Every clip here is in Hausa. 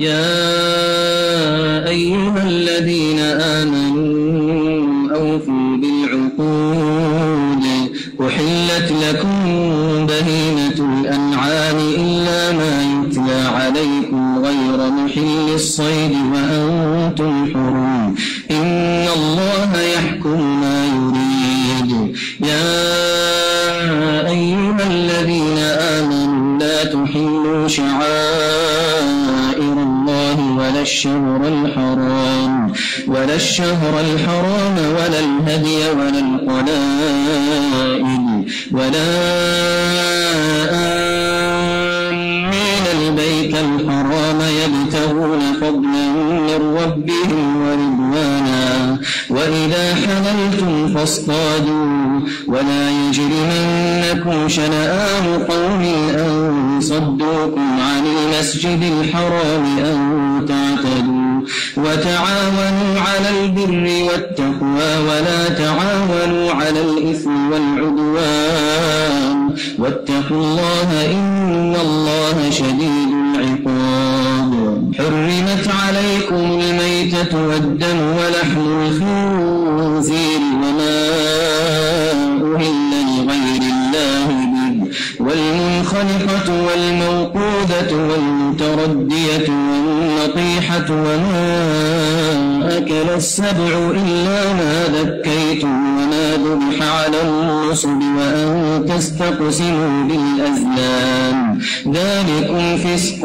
يا أيها الذين الشهر الحرام ولا الهدي ولا القلائد ولا آمين البيت الحرام يبتغون فضلا من ربهم ورضوانا وإذا حللتم فاصطادوا ولا يجرمنكم شنآن قوم أن صدوكم عن المسجد الحرام أن تعتدوا وتعاونوا البر والتقوى ولا تعاونوا على الإثم والعدوان واتقوا الله إن الله شديد العقاب حرمت عليكم الميتة والدين السبع إلا ما ذكيتم وما ذبح على النصب وأن تستقسموا بالأزلام ذلكم فسق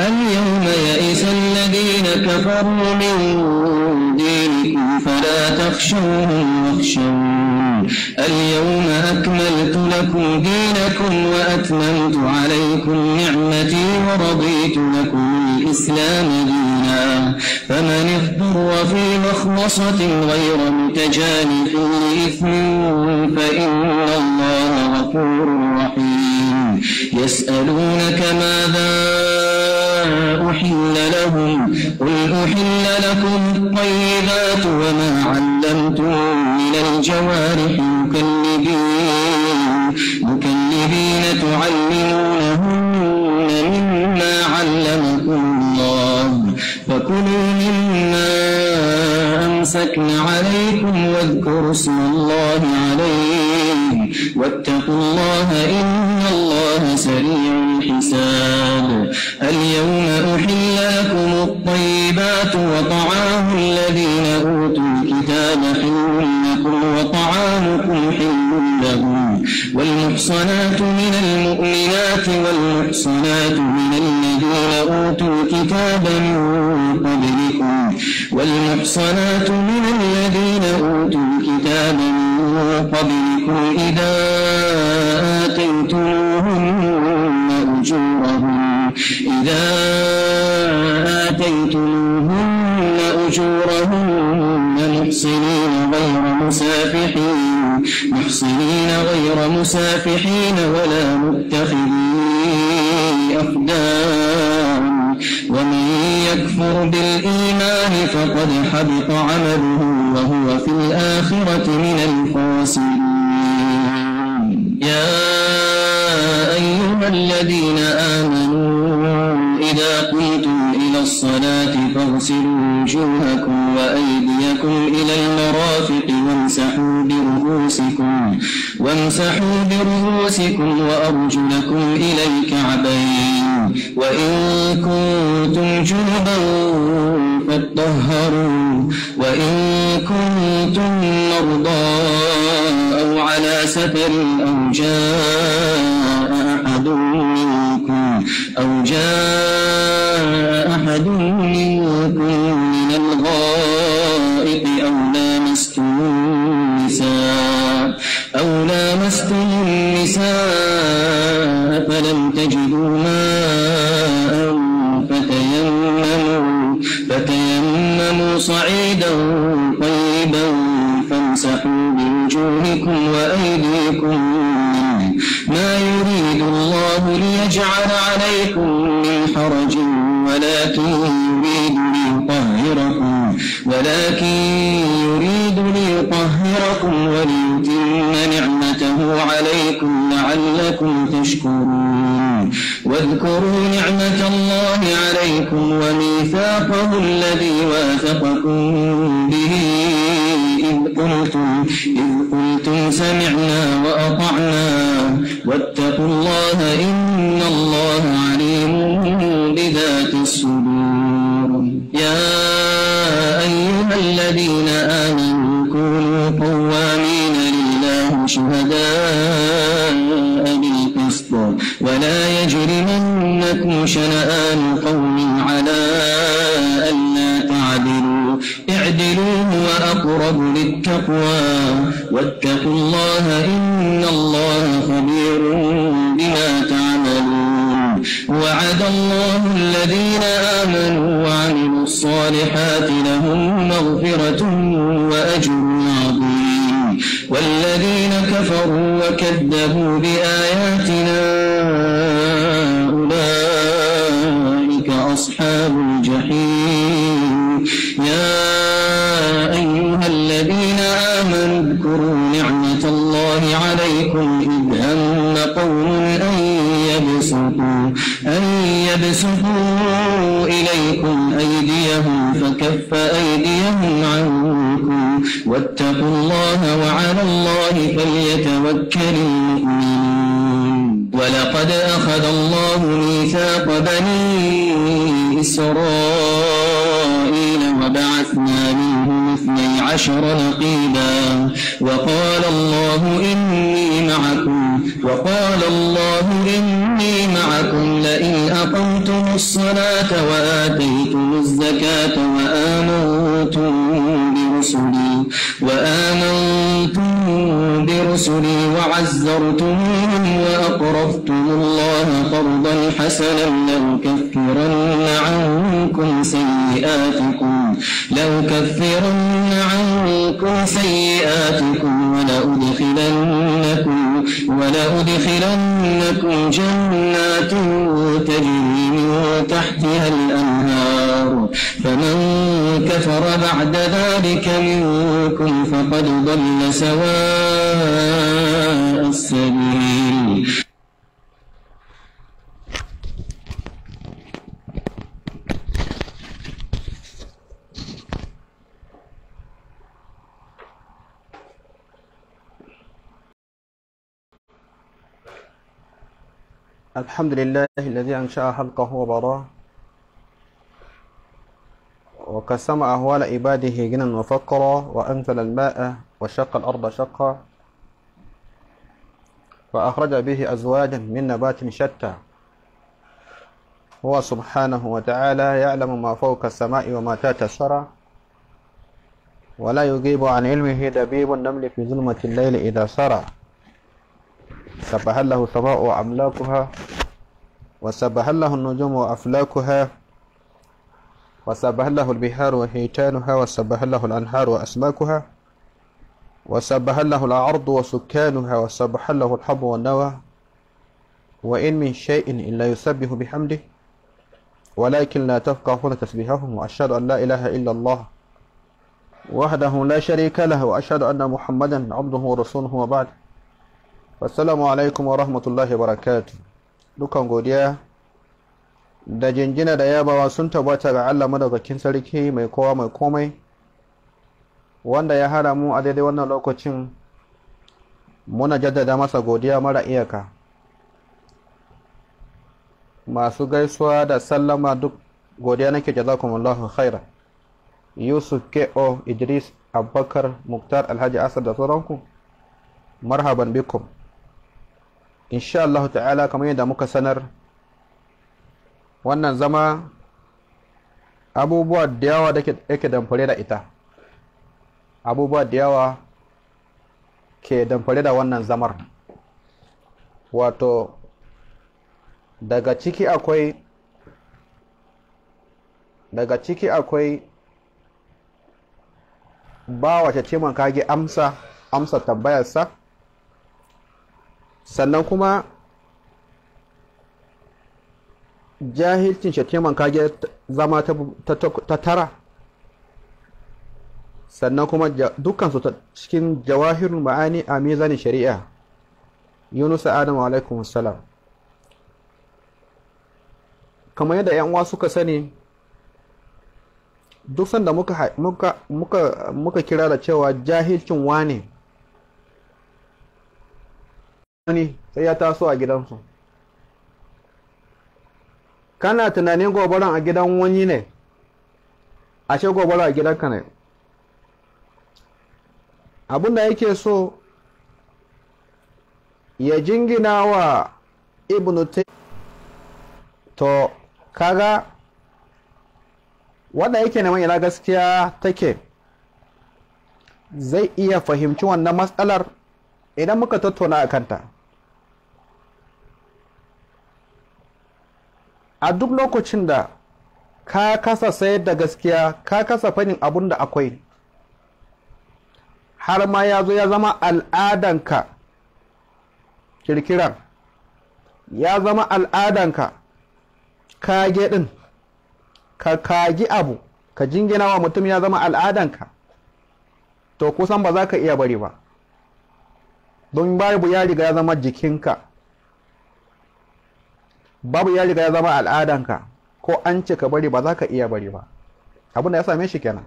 اليوم يئس الذين كفروا من دينكم فلا تخشوهم واخشون اليوم أكملت لكم دينكم وأتممت عليكم نعمتي ورضا رصة غير متجانف Muslim الآخرة من الخاسرين يا أيها الذين آمنوا إذا قمتم إلى الصلاة فاغسلوا وجوهكم وأيديكم إلى المرافق وامسحوا برؤوسكم وامسحوا برؤوسكم وأرجلكم إلى الكعبين وإن كنتم جنبا بال لكم جنات تجري من تحتها الأنهار فمن كفر بعد ذلك منكم فقد ضل سواء السبيل الحمد لله الذي أنشأ خلقه وبراه وقسم أهوال عباده جنا وفقرا وأنزل الماء وشق الأرض شقا فأخرج به أزواجا من نبات شتى هو سبحانه وتعالى يعلم ما فوق السماء وما تحت الثرى ولا يجيب عن علمه دبيب النمل في ظلمة الليل إذا سرى سبح له السماء وأملاكها وسبح له النجوم وأفلاكها وسبح له البحار وحيتانها وسبح له الأنهار وأسماكها وسبح له الأرض وسكانها وسبح له الحب والنوى وإن من شيء إلا يسبح بحمده ولكن لا تفقهون تسبيحهم وأشهد أن لا إله إلا الله وحده لا شريك له وأشهد أن محمدا عبده ورسوله وبعده assalamu alaikum wa rahmatullahi barakatu dukan godiya da jinjina da yabawa sun tabbata ga allah madaukakin sarki mai kowa mai komai wanda ya hada mu a daidai wannan lokacin muna jaddada masa godiya mara iyaka masu gaisuwa da sallama duk godiya nake jazakumullahu khaira yusuf ko idris abubakar muktar alhaji asad da sauranku marhaban bikum insha Allah ta'ala kamar yadda muka sanar wannan zama abubuwa da yawa da yake damfare da ita abubuwa da yawa ke damfare da wannan zamar wato daga ciki akwai daga ciki akwai ba wace ce kage amsa amsa tambayarsa sannan kuma jahilcin shi taimaka ya zama ta tara sannan kuma dukansu cikin jawahirun ma'ani a mizanin shari'a yunusa adamu alaikum salam kamar yadda 'yan suka sani duk sanda muka, muka, muka, muka kira da cewa jahilcin wane wani sai ya taso a gidansu kana tunanin gobaran a gidan wani ne ashe gobara a gidanka ne abinda yake so ya jingina wa ibnu to kaga wanda yake neman ina gaskiya take zai iya fahimci wannan matsalar idan muka tattauna a kanta a duk lokacin da ka kasa sayar da gaskiya ka kasa fanin abun da akwai har ma ya zo ya zama al'adanka kirkiran ya zama al'adanka kage din ka kagi abu ka jingina wa mutum ya zama al'adanka to kusan ba za ka iya bari ba don babu ya riga ya zama jikinka babu ya riga ya zama al'adanka ko an ce ka bari ba za ka iya bari ba abin da ya same shi kenan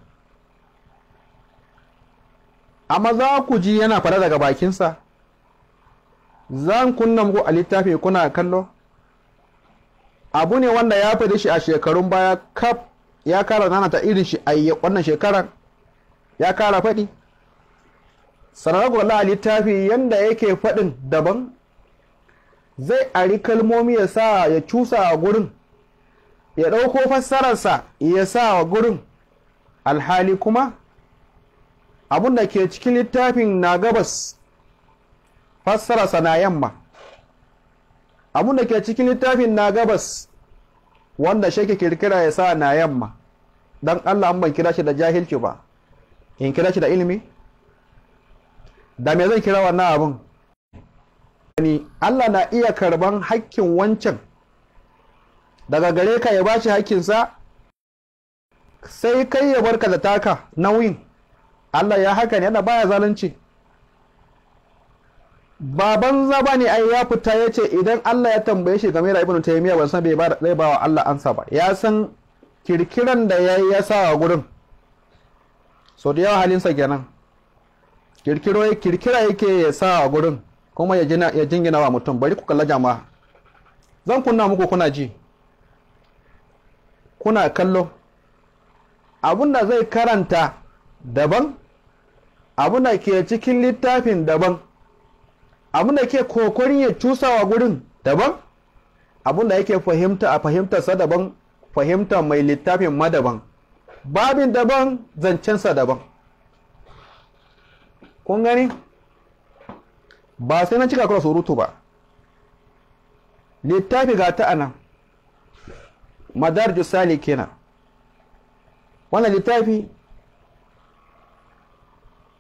amma za ku ji yana fara daga bakinsa zan kunna muku a littafi kuna kallo abu ne wanda ya fi shi a shekarun baya kaf ya kara nana ta irin shi a wannan shekarar ya kara faɗi sanar gwala littafi yanda yake faɗin daban zai ari kalmomi ya sa ya cusa a gurin ya ɗauko fassararsa ya sa wa gurin alhali kuma abin da ke cikin littafin na gabas fassararsa na yamma abin da ke cikin littafin na gabas wanda shake kirkira ya sa na yamma don allah an ban kira shi da jahilci ba in kira shi da ilimi da me zan kira wannan abin ni Allah na iya karban hakkin wancan daga gare ka ya bashi hakkinsa sai kai ya barka da taka nauyin Allah ya haka ne yana baya zalunci baban zaba ne ai ya fita ya ce idan Allah ya tambaye shi game da ibnu taymiya ban san bai ba zai ba Allah ansa ba ya san kirkiran da ya yi ya sa a gurin so da yawa halinsa kenan kirkiro kirkira yake ya sa a gurin kuma ya jingina wa mutum bari ku kalla jama'a zan kunna muku kuna ji kuna kallo Abunda zai karanta daban Abunda ke cikin littafin daban Abunda ke kokorin ya cusa wa gurin daban Abunda yake fahimta a fahimtarsa daban fahimta mai littafin ma daban babin daban zancensa daban kun gani ba sai na cika kura surutu ba littafi ga ta anan madar jisali kenan wannan littafi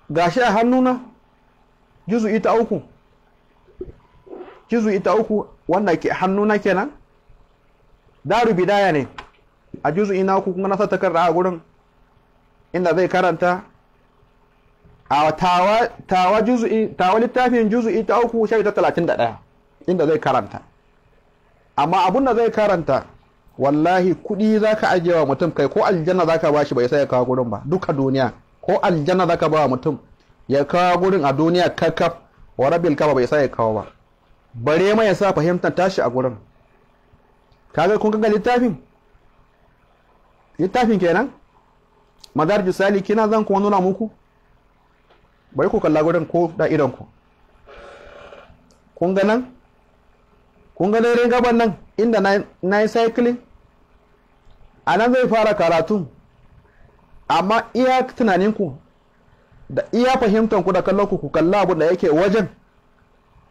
ga shi a hannuna jizu ita uku jizu ita uku wannan ke hannuna kenan daru bidaya ne a jizu ina uku kuma na sa takarda a gurin inda zai karanta a tawa tawa tawa littafin juzu'i ta uku shafi ta talatin da ɗaya inda zai karanta amma abun da zai karanta wallahi kuɗi za ka ajiye wa mutum kai ko aljanna za ka bashi bai sai ya kawo gurin ba duka duniya ko aljanna za ka ba wa mutum ya kawo gurin a duniya kakaf wa rabbil kaba bai sai ya kawo ba bare mai ya sa fahimtar tashi a gurin kaga kun ga littafin littafin kenan madarju salikina zan kuma nuna muku bai ku kalla gudun ko da idan ku kun ganan nan kun ga dairin gaban nan inda na yi cycling a nan zai fara karatu? amma iya tunaninku da iya fahimtanku da kallon ku kalla abu da yake wajen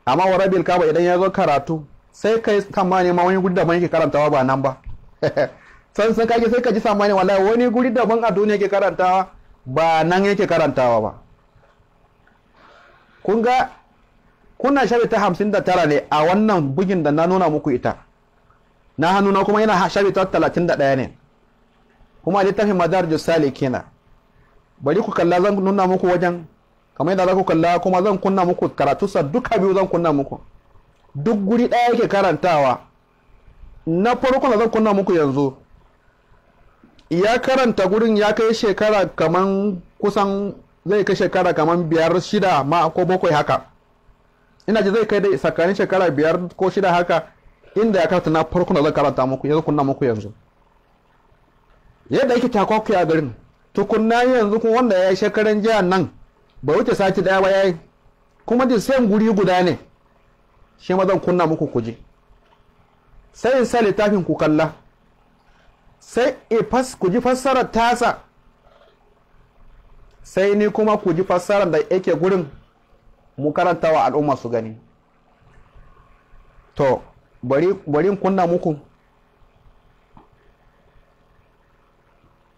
amma wa rabin kaba idan ya zo karatu sai kai tsammani ma wani da daban yake karantawa ba nan ba san san kage sai ka ji tsammani wallahi wani guri daban a duniya yake karantawa ba nan yake karantawa ba kun ga kuna shafi ta hamsin da tara ne a wannan bugin da na nuna muku ita na hannuna kuma yana shafi ta talatin da ɗaya ne kuma littafin jisali salikina bari ku kalla zan nuna muku wajen kamar yadda za ku kalla kuma zan kunna muku karatu sa duka biyu zan kunna muku duk guri ɗaya yake karantawa na farko da zan kunna muku yanzu ya karanta gurin ya kai shekara kaman kusan zai kai shekara kamar biyar shida ma ko bakwai haka ina ji zai kai da tsakanin shekara biyar ko shida haka inda ya karta na farko da zai karanta muku yanzu kunna muku yanzu yadda yake takwaku a garin tukunna yanzu kuma wanda ya yi shekaran jiya nan ba wuce sati daya ba ya yi kuma ji sai guri guda ne shi ma zan kunna muku kuje sai in sa littafin ku kalla sai ku ji fassarar tasa sai ni kuma ku ji fassarar da yake gurin mu karanta wa al'umma su gani to bari bari kunna muku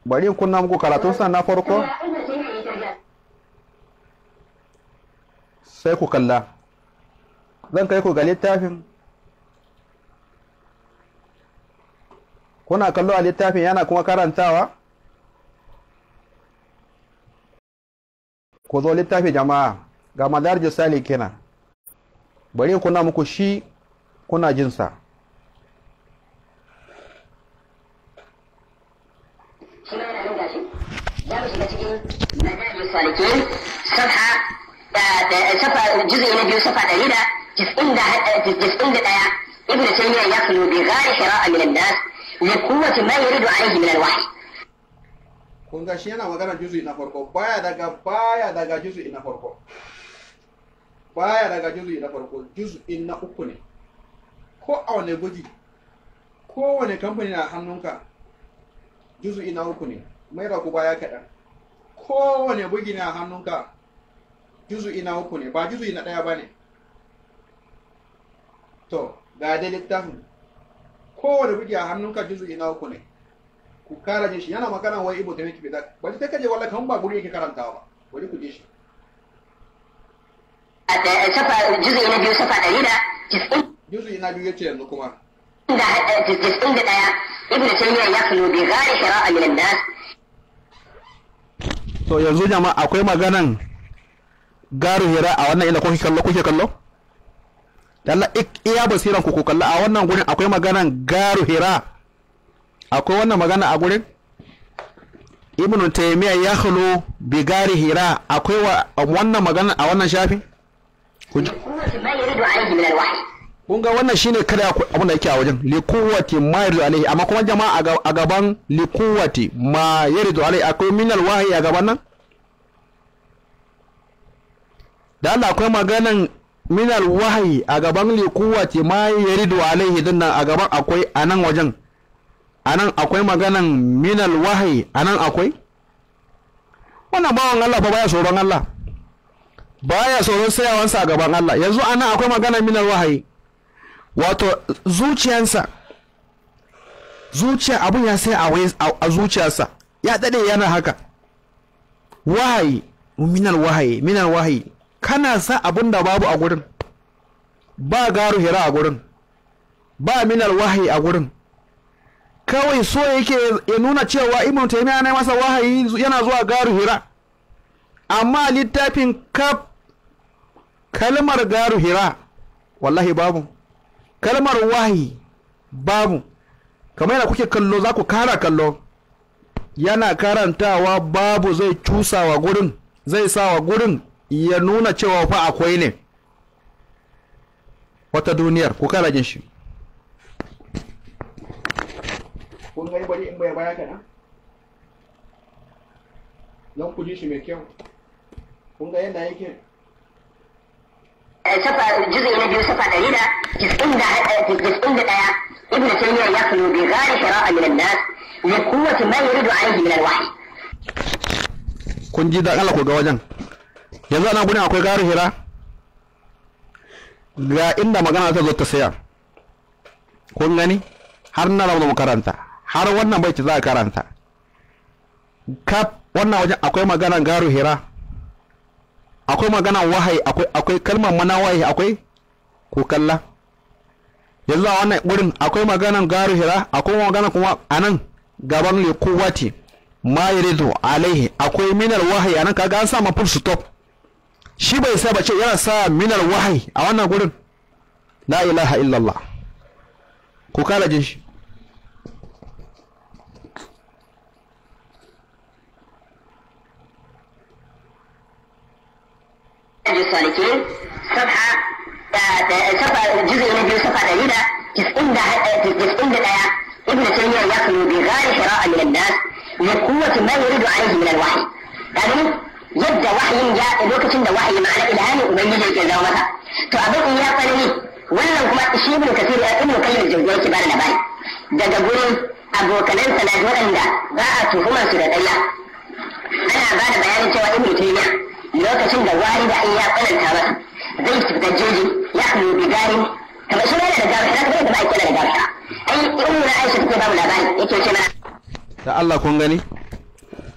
bari kunna muku karatun sa na farko sai ku kalla zan kai ku ga littafin kuna kallo a littafin yana kuma karantawa ku zo littafi jama'a ga madarji sali kenan bari kuna muku shi kuna jinsa suna da nan gashi za mu shiga cikin madarji salikin safa da safa juzi na biyu safa ɗari da جزء دقيقة ابن تيمية يخلو بغار حراء من الناس لقوة ما يريد عليه من الوحي kun ga shi yana magana juzu na farko baya daga baya daga juzu na farko baya daga juzu na farko juzu na uku ne ko a wane gudi wane kamfani na hannunka juzu na uku ne mai raku baya kaɗan Ko wane bugi na hannunka juzu na uku ne ba juzu na ɗaya ba ne to ga dai littafin wane bugi a hannunka juzu na uku ne ku kara jin shi yana magana wai ibo taimaki bai zaka Wani sai kaje wallahi kan ba guri yake karantawa ba Wani ku je shi safa juzu na biyu safa da tis'in juzu na biyu yace yanzu kuma da eh, tis'in da daya ibnu taymiya ya kullu bi ghairi shara'a min an-nas to yanzu jama'a akwai maganan garu hira a wannan inda kuke kallo kuke kallo dalla iya basiran ku ku kalla a wannan gurin akwai maganan garu hira akwai wannan magana a gurin ibn taymiya ya hulu bigari hira akwai wannan magana a wannan shafi kun ga wannan shine kada abin da yake a wajen likuwati ma yaridu alaihi amma kuma jama'a a gaban likuwati ma yaridu alaihi akwai minal wahayi a gaban nan da Allah akwai maganan minal wahayi a gaban likuwati ma yaridu alaihi din nan a gaban akwai a nan wajen anan akwai maganan minal wahayi anan akwai wannan bawan Allah fa baya tsoron Allah baya tsoron tsayawansa a gaban Allah yanzu anan akwai maganan minal wahayi wato zuciyansa zuciya abun ya sai a zuciyarsa ya dade yana haka wahayi minal wahayi minal wahayi kana sa abun da babu a gurin ba garu hira a gurin ba minal wahayi a gurin kawai so yake ya nuna cewa ibn taymiya ne masa wahayi yana zuwa garu hira amma littafin kaf kalmar garu hira wallahi babu kalmar wahayi babu kamar yana kuke kallo za ku kara kallo yana karantawa babu zai cusawa gurin zai sawa gurin ya nuna cewa fa akwai ne wata duniyar ku kara jin shi kun gani bari in baya baya kaɗan don ku ji shi mai kyau kun ga yadda yake eh, safa juzu na biyu safa ɗari da tis'in da eh, tis'in da ɗaya ibn taymiyyah ya kullu bi ghayri shara'a min an-nas li quwwati ma yuridu alayhi min al-wahyi kun ji da Allah ku ga wajen yanzu ana gudun akwai gari hira ga inda magana ta zo ta saya kun gani har na rabu makaranta har wannan baiti za a karanta kaf wannan wajen akwai maganan garu hira akwai maganan wahayi akwai akwai kalmar mana wahayi akwai ko kalla yanzu a wannan wurin akwai maganan garu hira akwai maganan kuma anan gaban le kuwati ma yiridu alaihi akwai minar wahayi anan kaga an sa ma full stop shi bai sa bace yana sa minar wahayi a wannan gurin la ilaha illallah ku kala jin shi أهل السالكين صفحة صفحة جزء من صفحة تقريبا 90 90 دقيقة ابن تيمية يخلو بغار حراء من الناس لقوة ما يريد عليه من الوحي يعني yadda wahayin ya lokacin da wahayi ma'ana ilhami ubangiji yake zama masa to abin in ya tsanani wannan kuma shi ibn kasir ya ibn kayyim jirgin yake bada labari daga gurin abokanansa na waɗanda ba a tuhumar su da ƙarya ana ba da bayanin cewa ibn taymiya lokacin da wari da ai ya tsananta masa zai shiga jeji ya kuma gari kamar shi yana da gabata na kuma ba a kira da gabata ai in na aisha take bamu labari yake ce mana da Allah kun gani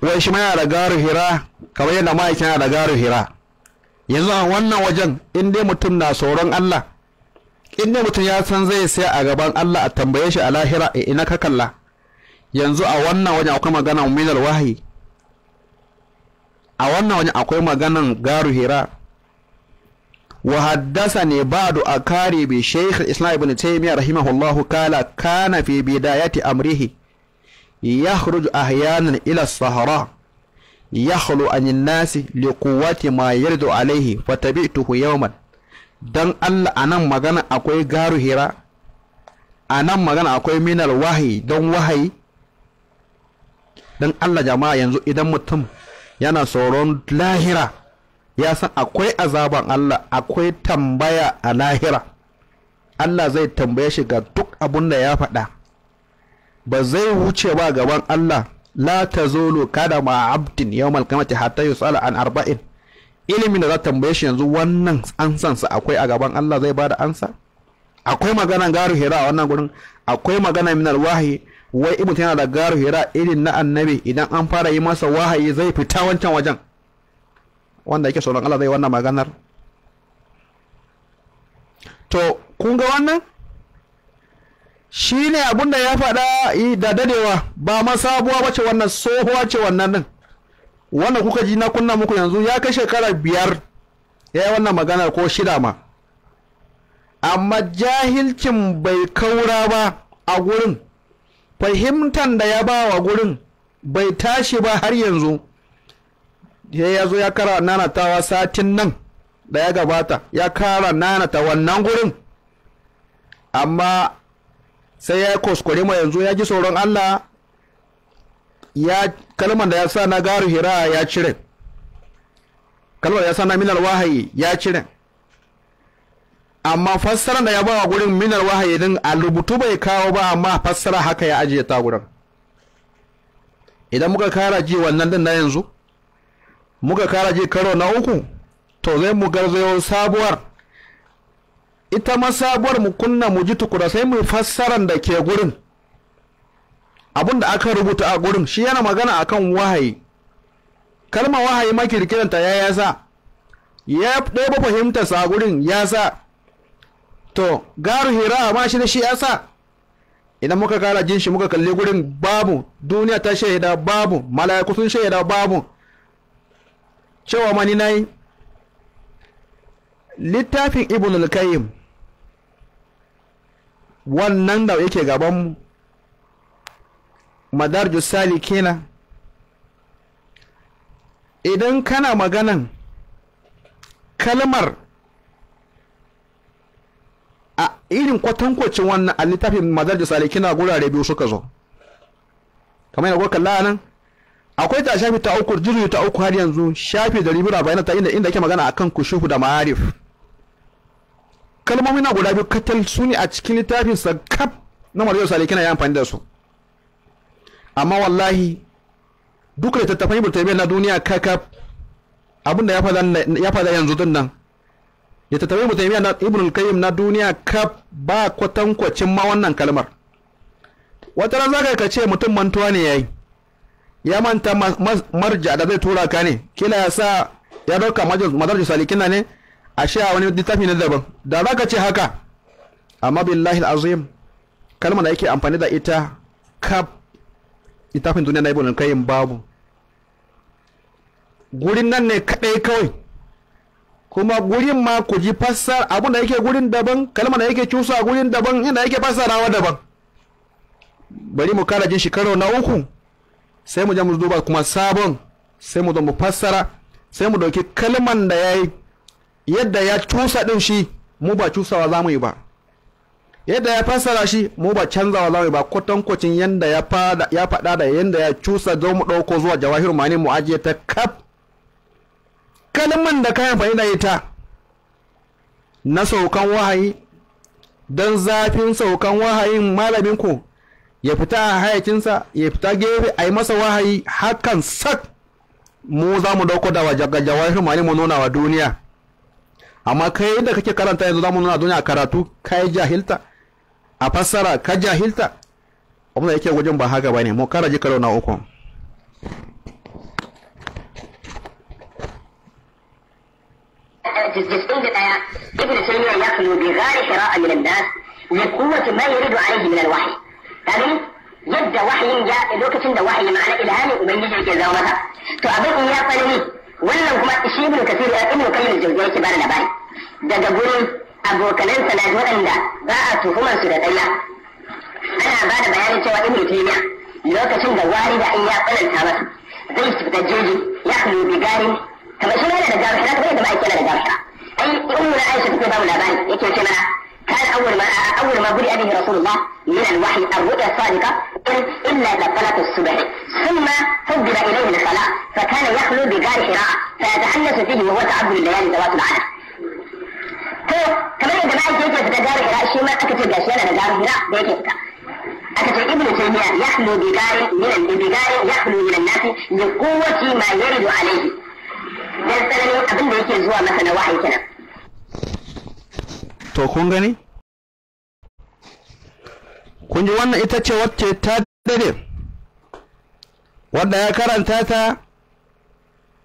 wai shi ma yana da garu hira kamar yadda ma'aikin yana da garu hira yanzu a wannan wajen in dai mutum na tsoron Allah in dai mutum ya san zai sai a gaban Allah a tambaye shi a lahira eh, ina ka kalla yanzu a wannan wajen akwai magana minar wahayi a wannan wajen akwai maganan garu hira wa haddasa ne da a kare bi shaykh islam ibn taymiyyah rahimahullahu kala kana fi bidayati amrihi يخرج أحيانا ila الصحراء يخلو عن الناس لقوة ما يرد عليه فتبعته يوما dan Allah a nan magana akwai garu hira a nan magana akwai minal wahayi don wahayi don Allah jama'a yanzu idan mutum yana tsoron lahira ya san akwai azaban Allah akwai tambaya a lahira Allah zai tambaye shi ga duk abun da ya faɗa ba zai wuce ba gaban Allah la ta loka kada ma abdin yau malkamati hatta tsala an arba'in ilimin da za tambaye shi yanzu wannan ansansa akwai a gaban Allah zai bada ansa akwai magana gari hira a wannan gurin akwai magana minal wahi wai in mutum yana da garu hira irin na annabi idan an fara yi masa wahayi zai fita wancan wajen wanda yake sauran Allah zai wannan maganar to kun ga wannan shi ne da ya faɗa da dadewa ba ma sabuwa ba ce wannan tsohuwa ce wannan din wannan kuka ji na kunna muku yanzu ya kai shekara biyar ya yi wannan maganar ko shida ma amma jahilcin bai kaura ba a gurin fahimtan da ya ba wa gurin bai tashi ba har yanzu ya zo ya kara nanatawa satin nan da ya gabata ya kara nanata wannan gurin amma sai ya kuskure ma yanzu ya ji sauran Allah ya kalmar da ya sa na garu hira ya cire kalmar da ya sa na minar wahayi ya cire amma fassarar da ya ba wa gurin minar wahayi din a rubutu bai kawo ba amma fassara haka ya ajiye ta gurin idan muka kara ji wannan din na yanzu muka kara ji karo na uku to zai mu garzayo sabuwar ita ma sabuwar mu kunna mu ji tukura sai mu fassaran da ke gurin abun da aka rubuta a gurin shi yana magana akan wahayi kalmar wahayi ma ya yasa ya ɗaya fahimta sa gurin ya sa to garu hira ma shi da shi yasa idan muka kara jin shi muka kalli gurin babu duniya ta shaida babu mala'iku sun shaida babu cewa mani yi. littafin ibn al-qayyim wannan da yake gaban gabanmu madarjus salikina idan kana maganan kalmar a irin kwatankwacin wannan a littafin madarji salikina gurare biyu suka zo kamar yana kalla nan akwai ta shafi ta uku jirgi ta uku har yanzu shafi da ribira bayan ta inda inda ke magana akan kushuhu da ma'arif kalmomi na guda biyu katal su ne a cikin littafin sa kaf na da salikina ya amfani da su amma wallahi duk da tattafan ibn na duniya kakaf abinda ya fada yanzu din nan ya tattabe mu taimiya na ibn qayyim na duniya kaf ba kwatankwacin ma wannan kalmar wata ran zaka ka ce mutum mantuwa ne yayi ya manta marja da zai tura ka ne kila ya sa ya dauka madarji salikina ne a sha wani littafi na daban da zaka ce haka amma billahi azim kalmar da yake amfani da ita kaf littafin duniya na ibn qayyim babu gurin nan ne kadai kawai kuma gurin ma ku ji fassar abin da yake gurin daban kalma da yake cusa gurin daban inda yake fassarawa daban bari mu kara jin shi karo na uku sai mu je mu duba kuma sabon sai mu zo mu fassara sai mu dauki kalman da yayi yadda ya cusa din shi mu ba cusawa za mu yi ba yadda ya fassara shi mu ba canzawa za mu yi ba kwatankwacin yadda ya faɗa da yadda ya cusa zo mu ɗauko zuwa jawahiru ma'ani mu ajiye ta kaf kalman da ka amfani da ita na saukan wahayi don zafin saukan wahayin malamin ku ya fita a hayakinsa ya fita gefe a yi masa wahayi hakan sak mu za mu dauko da jawahirin mali mu nuna wa duniya amma kai da kake karanta yanzu za mu nuna duniya karatu kai jahilta a fassara ka jahilta wanda yake gujin ba haka bane mu kara ji karo uku الجزئية ابن تيمية يخلو بغار شراء من الناس لقوة ما يريد عليه من الوحي تمام؟ يبدا وحي جاء الوقت عند وحي معنى الهام ومن يجي كذا تعبد يا قلبي ولا هما شيء من كثير ابن كمل الجزئية كبار الاباري ده قبول ابو كلام سلاد وعند باعته هما سورة الله انا بعد بيان سوى ابن تيمية لوكس عند والد ايا قلل ثابت زي استبدا جوجي يخلو بغار kamar shi yana da gaba shi kuma da ba yake da gaba ai ummu na Aisha take ba mu labari yake ce mana كان أول ما أول ما بدأ به رسول الله من الوحي الرؤيا الصادقة إلا لصلاة الصبح ثم حبب إليه الصلاة فكان يخلو بجار حراء فيتحدث فيه وهو تعبد الليالي ذوات العادة to kamar yadda ba ake yake fita gari hira shi ma aka ce gashi yana da gari hira da yake fita aka ce ibnu taymiya yakhlu bi gari min al bi gari yakhlu min an-nas li quwwati ma yaridu alayhi Don tsananin abin da zuwa masa na to kun gani kun ji wannan ita ce wacce ta dade wadda ya karanta ta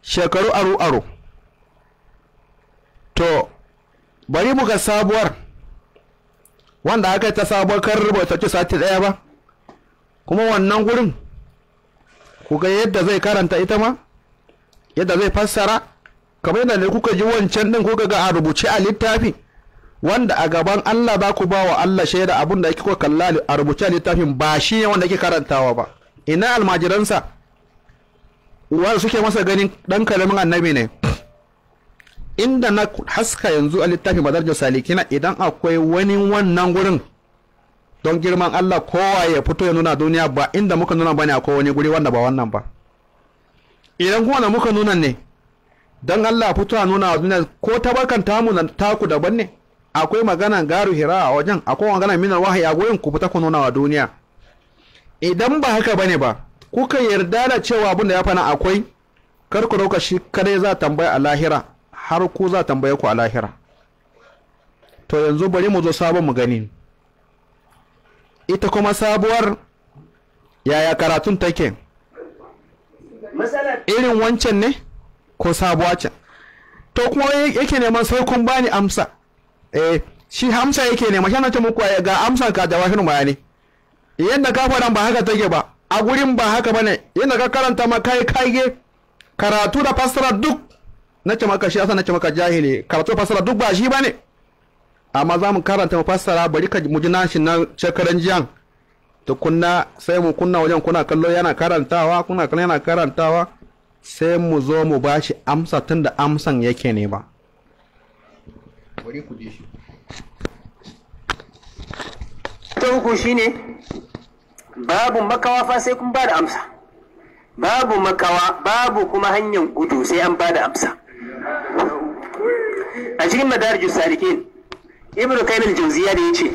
shekaru aru-aru to bari mu ga sabuwar wanda aka ta sabuwar kan rubuta ci sati ɗaya ba kuma wannan gurin ku ga yadda zai karanta ita ma yadda zai fassara kamar yadda ne kuka ji wancan din kuka ga a rubuce a littafi wanda a gaban Allah za ku ba wa Allah shaida abin da yake kuka kalla a rubuce a littafin ba shi ne wanda yake karantawa ba ina almajiransa wanda suke masa ganin dan kalamin annabi ne inda na haska yanzu a littafi madarja salikina idan akwai wani wannan gurin don girman Allah kowa ya fito ya nuna duniya ba inda muka nuna bane akwai wani guri wanda ba wannan ba idan kuma da muka nuna ne don Allah fito a nuna wa duniya ko ta barkan tamu da taku daban ne akwai magana garu hira a wajen akwai magana minar wahayi a goyin ku fita ku nuna wa duniya idan ba haka ba ne ba kuka yarda da cewa abin da ya fana akwai kar ku dauka shi kadai za tambaya a lahira har ku za tambaye ku a lahira to yanzu bari mu zo sabon mu gani ita kuma sabuwar yaya karatun take irin wancan ne ko sabuwa can to kuma yake neman sai kun bani amsa eh shi hamsa yake nema shi ta muku ga amsa ka da wahin bayani yadda ka faɗan ba haka take ba a gurin ba haka bane yadda ka karanta ma kai kage karatu da fasara duk na ce maka shi asa na ce maka jahili karatu da fasara duk ba shi bane amma za mu karanta mu fasara bari ka mu ji nashin na shekaran jiyan to kunna sai mu kunna wajen kuna kallo yana karantawa kuna kallo yana karantawa sai mu zo mu bashi amsa tun da amsan yake ne ba ta ku shi ne, babu makawa fa sai kun ba da amsa babu makawa babu kuma hanyar gudu sai an ba da amsa a cikin madarijus salikin ibnu kaimil jauziya da ya ce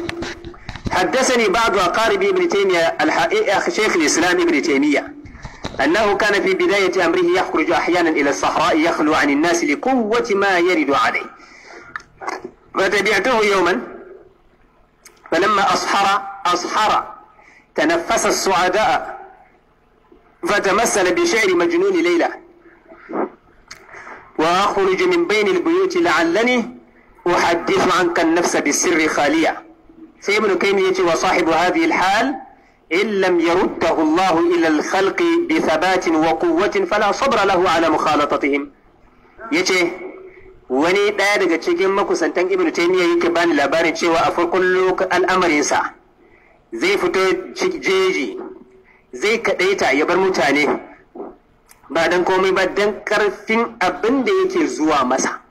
حدثني بعض أقارب ابن تيمية الحقيقة شيخ الإسلام ابن تيمية أنه كان في بداية أمره يخرج أحيانا إلى الصحراء يخلو عن الناس لقوة ما يرد عليه فتبعته يوما فلما أصحر أصحر تنفس السعداء فتمثل بشعر مجنون ليلى وأخرج من بين البيوت لعلني أحدث عنك النفس بالسر خالية sai ibn kaimi yace wa sahibu hadhihi alhal in lam yaruddahu Allah ila alkhalqi bi thabatin wa quwwatin fala sabra lahu ala mukhalatatihim yace wani ɗaya daga cikin makusantan ibn taymiya yake bani labarin cewa a farkon al'amarinsa zai fito jeji zai kaɗaita ya bar mutane ba don komai ba don ƙarfin abin da yake zuwa masa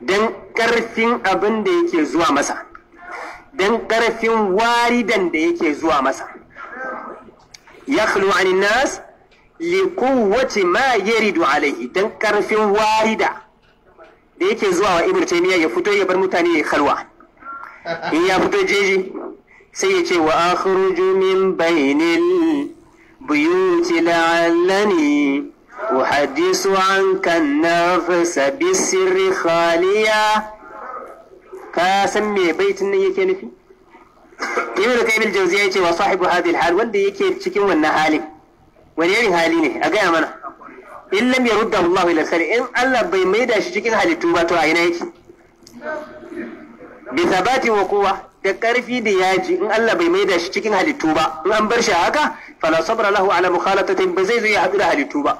dan karfin abin da yake zuwa masa don ƙarfin waridan da yake zuwa masa ya anin nas li kowace ma yaridu alaihi don ƙarfin warida da yake zuwa wa ibn taymiya ya fito ya bar mutane ya kalwa. in ya fito jeji sai ya ce wa akhruju min bainil buyuti la'allani uhaddisu anka an-nafsa bisirri khaliya ka san me baitin nan yake nufi ibn qayyim al-jawziya yace wa sahibu hadhihi al-hal wanda yake cikin wannan halin wani irin hali ne a gaya mana in lam yarudda Allah ila sari in Allah bai maida shi cikin halittu ba to a ina yake bi sabati wa quwwa da karfi da yaji in Allah bai maida shi cikin halittu ba in an bar shi haka fala sabra lahu ala mukhalatatin ba zai zo ya haɗu da halittu ba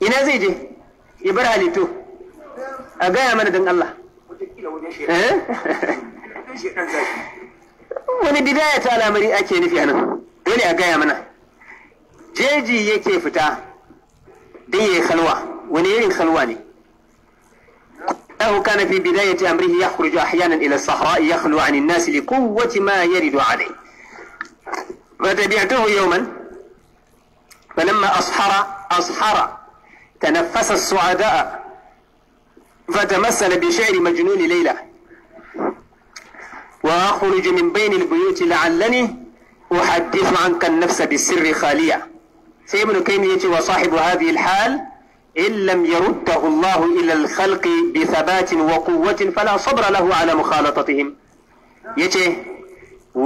ina zai je ibar halittu a gaya mana don Allah wani bidaya ta lamari ake nufi a nan dole a gaya mana jeji yake fita don yayi halwa wani irin halwa ne أنه كان في بداية أمره يخرج أحيانا إلى الصحراء يخلو عن الناس لقوة ما يرد عليه فتبعته يوما فلما أصحر أصحر تنفس السعداء فتمثل بشعر مجنون ليلى وأخرج من بين البيوت لعلني أحدث عنك النفس بالسر خالية سيمن ابن وصاحب هذه الحال إن لم يرده الله إلى الخلق بثبات وقوة فلا صبر له على مخالطتهم يتي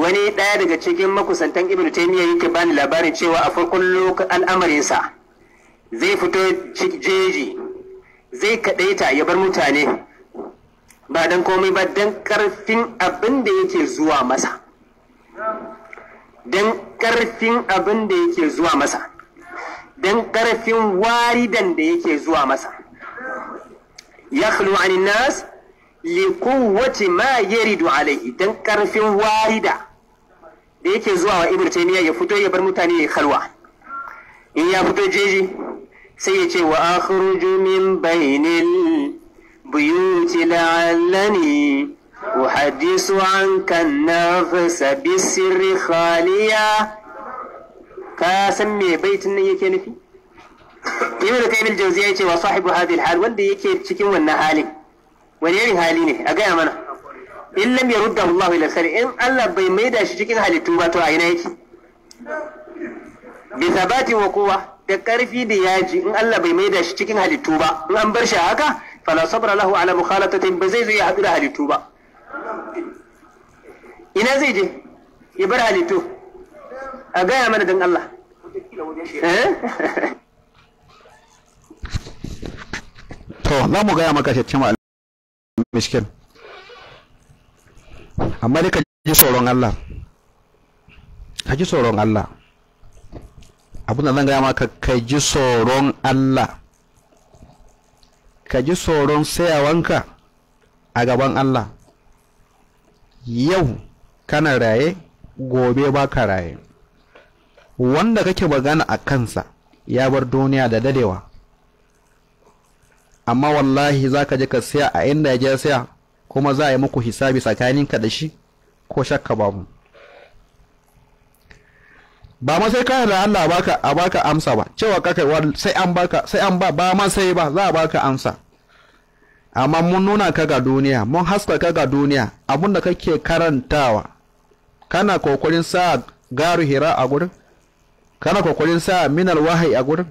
wani ɗaya daga cikin makusantan ibnu taymiya yake bani labarin cewa a farkon al'amarinsa zai fito jeji zai kaɗaita ya bar mutane ba don komai ba don ƙarfin abin da yake zuwa masa don ƙarfin abin da yake zuwa masa don ƙarfin waridan da yake zuwa masa ya anin nas li kowace ma yaridu alaihi don ƙarfin warida da yake zuwa wa ya fito ya bar mutane ya kalwa in ya fito jeji sai ya ce wa akhruju min bainil buyuti la'allani أحدث عنك النفس بالسر خاليا كاسم بيت النية كنفي ibn qayyim al-jawziya yace wa sahibu hadhihi al-hal wanda yake cikin wannan hali wani irin hali ne a gaya mana in lam yarudda Allah ila sari in Allah bai maida shi cikin halittu ba to a ina yake bi thabati wa quwwa da ƙarfi da yaji in Allah bai maida shi cikin halittu ba in an bar shi haka fala sabra lahu ala mukhalatatin ba zai zai haɗu da halittu ba ina zai je ya bar halittu a gaya mana don Allah eh? to za mu gaya maka cikin mishkin amma dai ka ji tsoron Allah ka ji tsoron Allah abinda zan gaya maka ka ji tsoron Allah ka ji tsoron sayawanka a gaban Allah yau kana raye gobe ba ka raye wanda kake magana a kansa ya bar duniya da dadewa amma wallahi za ka je ka saya a inda ya je saya kuma za a yi muku hisabi tsakaninka da shi ko shakka babu ba ma sai kai da Allah a baka amsa ba cewa kakai sai an baka sai an ba ba ma sai ba za a baka amsa amma mun nuna ka ga duniya mun haska ka ga duniya abinda da kake karantawa kana kokarin sa garu hira a gurin kana kokarin sa minal wahai a gurin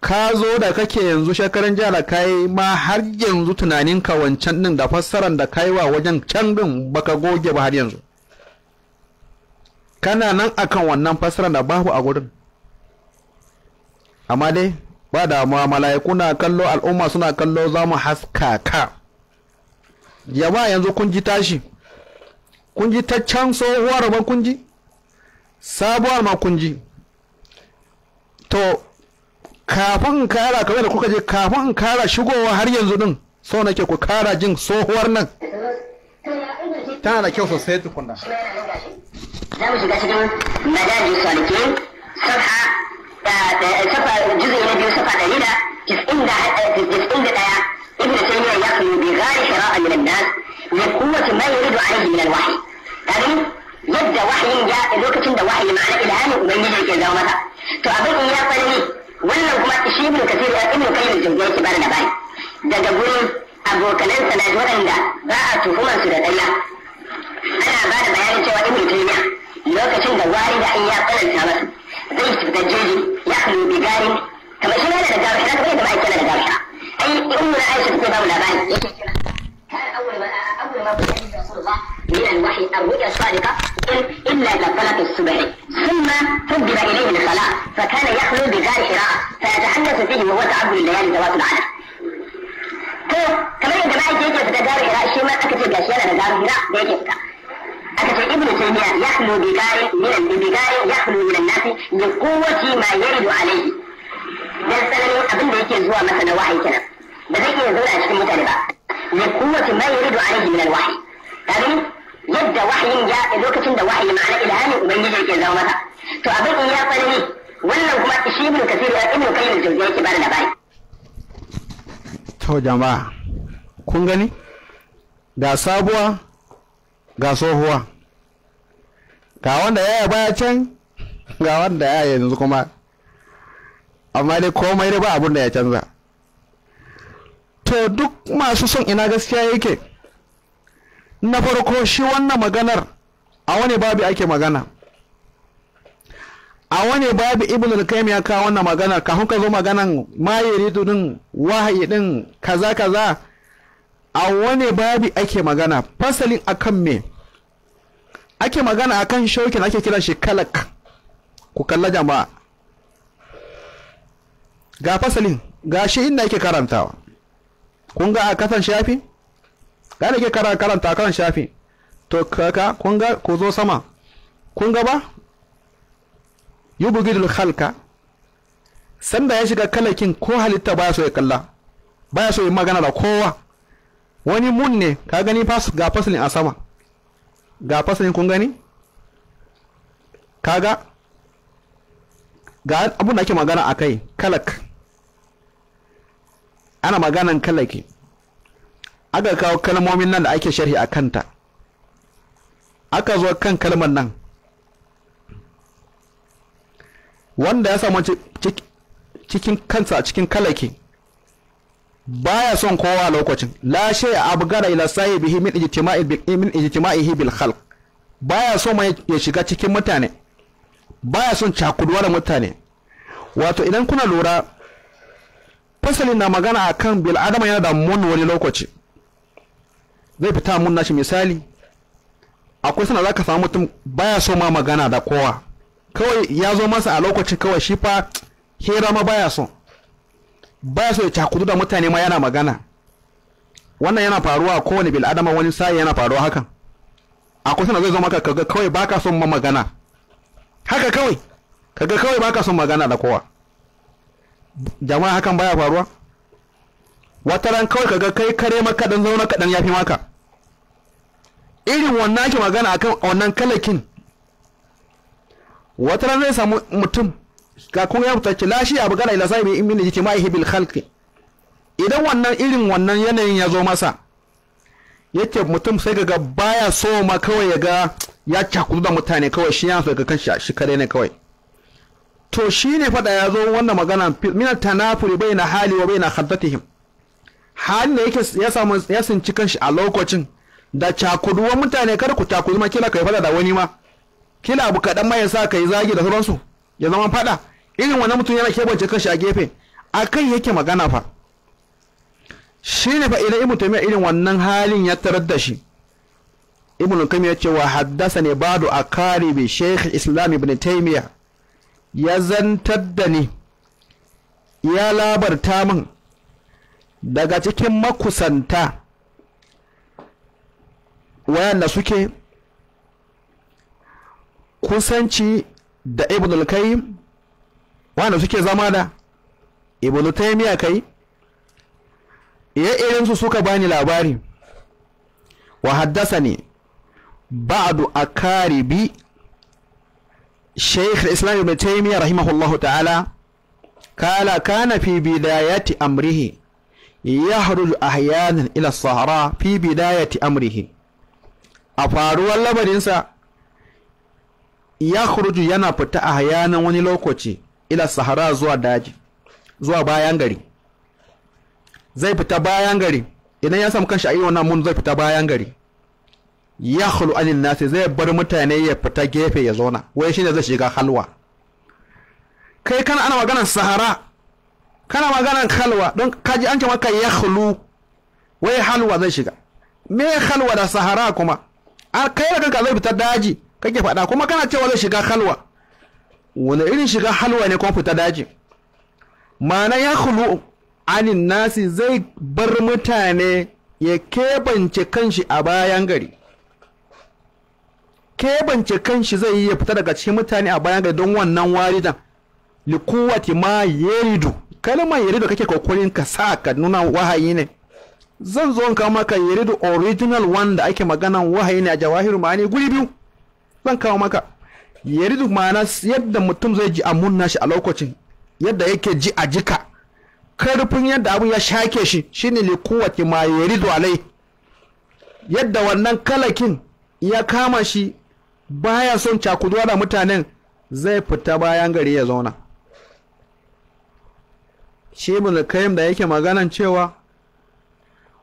ka zo da kake yanzu shekarun jihar yi ma har yanzu tunanin ka wancan din da fassaran da kaiwa wajen can din baka goge ba har yanzu kana nan akan wannan fasara da babu a gurin amma dai ba da ma mala'iku na kallo al'umma suna kallo za mu haska ka yaba yanzu kun ji tashi kun ji ta can tsohuwar ban kun ji sabuwar ma kun ji to kafin in kara kamar da kuka je kafin in kara shigowa har yanzu din so nake ku kara jin tsohuwar nan tana da kyau sosai tukuna تجاوز الأسجون مدارج السالكين صفحة صفحة جزء يبدو صفحة قليلة تسعين تسعين دقيقة ابن تيمية يخلو بغار شراء من الناس لقوة ما يريد عليه من الوحي تمام yadda wahayin ya lokacin da wahayi ma'ana ilhamin ubangiji ke zama masa to abin in ya tsanani wannan kuma shi ibn kasir ya ibn kayyim jinda yake bada labari daga gurin abokanansa na waɗanda ba a tuhumar su da ƙarya ana ba da bayanin cewa ibn taymiya lokacin da wari da ya tsananta masa zai fita jeji ya halu bi gari kamar shi yana da gari shi kamar yadda ba yake da gari ai ummu na aisha take ba mu labari yake cewa kan awwal ma awwal ma bayan rasulullah min al-wahy ar-ru'ya as-sadiqa إلا إذا طلعت الصبح ثم حبب إليه الخلاء فكان يخلو بدار حراء فيتحدث فيه وهو تعبد الليالي ذوات العدد to kamar yadda ma'aikata yake fita jari hira shi ma aka ce gashi yana da jari hira da yake fita ابن تيمية يحمو بدار من بدار يحمو من الناس لقوة ما يرد عليه dan tsananin abin da yake zuwa masa na wahayi kenan ba zai iya zauna a cikin mutane ba ya kowace ma ya rido alaihi min alwahyi kaga yadda wahayin ya lokacin da wahayi ma'ana ilhamin ubangiji yake zama masa to abin in ya tsanani wannan kuma shi ibn kasir ya ibn kayyim jawzi yake bada labari to jama'a kun gani ga sabuwa ga tsohuwa ga wanda ya baya can ga wanda ya yanzu kuma amma dai komai dai ba abin da ya canza to duk masu son ina gaskiya yake na farko shi wannan maganar a wani babi ake magana a wani babi ibn al kaim ya kawo wannan maganar kafin ka zo maganan mayiri din wahayi din kaza kaza a wani babi ake magana fasalin akan me ake magana a kan shauki ake kiran shi kalak ku kalla jama'a ga fasalin ga shi inda yake karantawa kun ga a kasan shafi ga da ke karanta kan shafi to kaka kun ga ku zo sama kun ga ba yubghidul halka. sanda ya shiga kalakin ko halitta baya so ya kalla baya so ya magana da kowa wani mun ne ka gani ga fasalin a sama ga fasalin kun gani kaga ga abin da ake magana a kai kalak ana maganan kalaki aka kawo kalmomin nan da ake sharhi a kanta aka zo kan kalmar nan wanda ya samu cikin kansa cikin kalaki baya son kowa lokacin la shay abgara ila sahibihi min ijtima'i min ijtima'ihi bil khalq baya so mai ya shiga cikin mutane baya son cakuduwa da mutane wato idan kuna lura fasali na magana akan bil adama yana da mun wani lokaci zai fita mun nashi misali akwai sana zaka samu mutum baya so ma magana da kowa kawai ya zo masa a lokacin kawai shi fa hira ma baya so ba so ya cakudu da mutane ma yana magana wannan yana faruwa kowane bil adama wani sai yana faruwa hakan akwai sana zai zo maka kaga kawai baka son ma magana haka kawai kaga kawai baka son magana da kowa jama'a hakan baya faruwa wata ran kawai kaga kai kare maka dan zauna dan yafi maka irin wannan ake magana akan wannan kalakin wata ran zai samu mutum ga kun ya fita la shi abu gana ila sai imini min ma ihibil hibil khalqi idan wannan irin wannan yanayin ya zo masa yake mutum sai ga baya so ma kawai ya ga ya cakudu da mutane kawai shi ya so ga kan shi kare ne kawai to shi ne fada ya zo wannan magana min tanafuri baina hali wa baina khaddatihim Hali da yake ya samu ya sinci kanshi a lokacin da cakudu, wa mutane kar ku cakudu ma kila kai fada da wani ma kila abu kaɗan ma ya sa kai zagi da sauransu ya zama fada irin wani mutum yana kebance kashi a gefe a kai yake magana fa shi ne fa idan irin wannan halin ya tarar da shi ibn kam ya ce wa haddasa ne badu akari bi shaykh islam ibn taimiyya. ya zantar da ni ya labarta min daga cikin makusanta wayanda suke kusanci da ibn al-qayyim wanda suke zama da ibn taymiya kai ire su suka bani labari wa haddasa ne ba'du akaribi shaykh al-islam ibn taymiya rahimahullahu ta'ala kala kana fi bidayati amrihi yahruju ahyanan ila sahara fi bidayati amrihi a faruwar labarinsa ya khuruju yana fita a hayanan wani lokaci ila sahara zuwa daji zuwa bayan gari zai fita bayan gari idan ya samu kanshi a yi wannan mun zai fita bayan gari ya khulu anin nasi zai bar mutane ya fita gefe ya zauna wai shine zai shiga halwa kai kana ana maganar sahara kana maganar halwa don kaji an ce maka ya khulu wai halwa zai shiga me halwa da sahara kuma kai da kanka zai fita daji kake faɗa kuma kana cewa zai shiga halwa wani irin shiga halwa ne kuma fita daji ma'ana ya hulu anin nasi zai bar mutane ya kebance kanshi a bayan gari kebance kanshi zai yi ya fita daga cikin mutane a bayan gari don wannan waridan likuwati ma yaridu kalmar yaridu kake kokarin ka sa ka nuna wahayi ne zan zo in kama ka yaridu original wanda ake maganan wahayi ne a jawahiru ma'ani guri biyu zan kawo maka yaridu ma'ana yadda mutum zai ji amun shi a lokacin yadda yake ji a jika karfin yadda abu ya shake shi shine li kuwati ma yaridu alai yadda wannan kalakin ya kama shi baya son cakuduwa da mutanen zai fita bayan gari ya zauna shi kayan da yake maganan cewa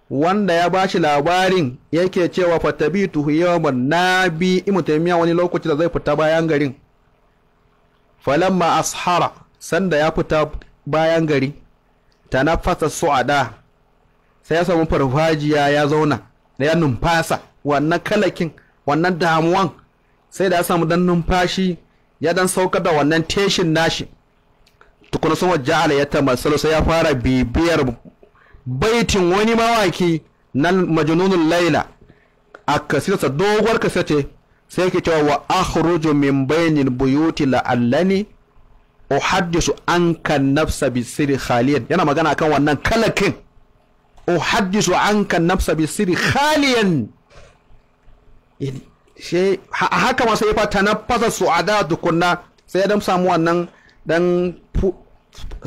wanda ya bashi labarin yake cewa fatabituhu yawman na bi ibn wani lokaci da zai fita bayan garin falamma ashara sanda ya fita bayan gari ta a su'ada sai ya samu farfajiya ya zauna da ya numfasa wannan kalakin wannan damuwan sai da ya samu dan numfashi ya dan saukar da wannan teshin nashi tukuna sun ala ya salo sai ya fara bibiyar baitin wani mawaki na majnunul laila a kasirsa doguwar kasa ce sai ke cewa wa akhruju min bainil buyuti la'allani uhaddisu kan nafsa bi sirri khaliyan yana magana akan wannan kalakin uhaddisu kan nafsa bi sirri khaliyan A haka na sai su a da tukunna sai ya dan samu wannan dan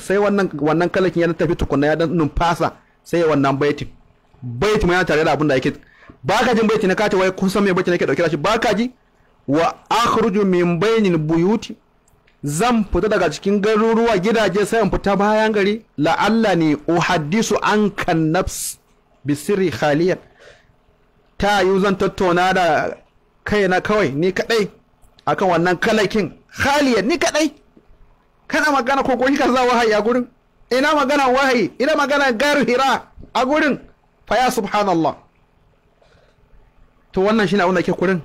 sai wannan wannan kalakin ya tafi tukunna ya dan numfasa sai wannan baitin baitin yana tare da abin da yake ba ka jin baiti na kace wai san me baiti nake dauke da shi ba ka ji wa akhruju min bainil buyuti zan fita daga cikin garuruwa gidaje sai in fita bayan gari la'alla ne uhaddisu an kan nafs sirri khaliyan ta yi zan tattauna da kaina kawai ni kadai akan wannan kalakin khaliyan ni kadai kana magana ko ko kika zawo hayya gurin ina magana wahayi ina magana gar hira a gurin fa ya subhanallah to wannan shine abin da ke kurin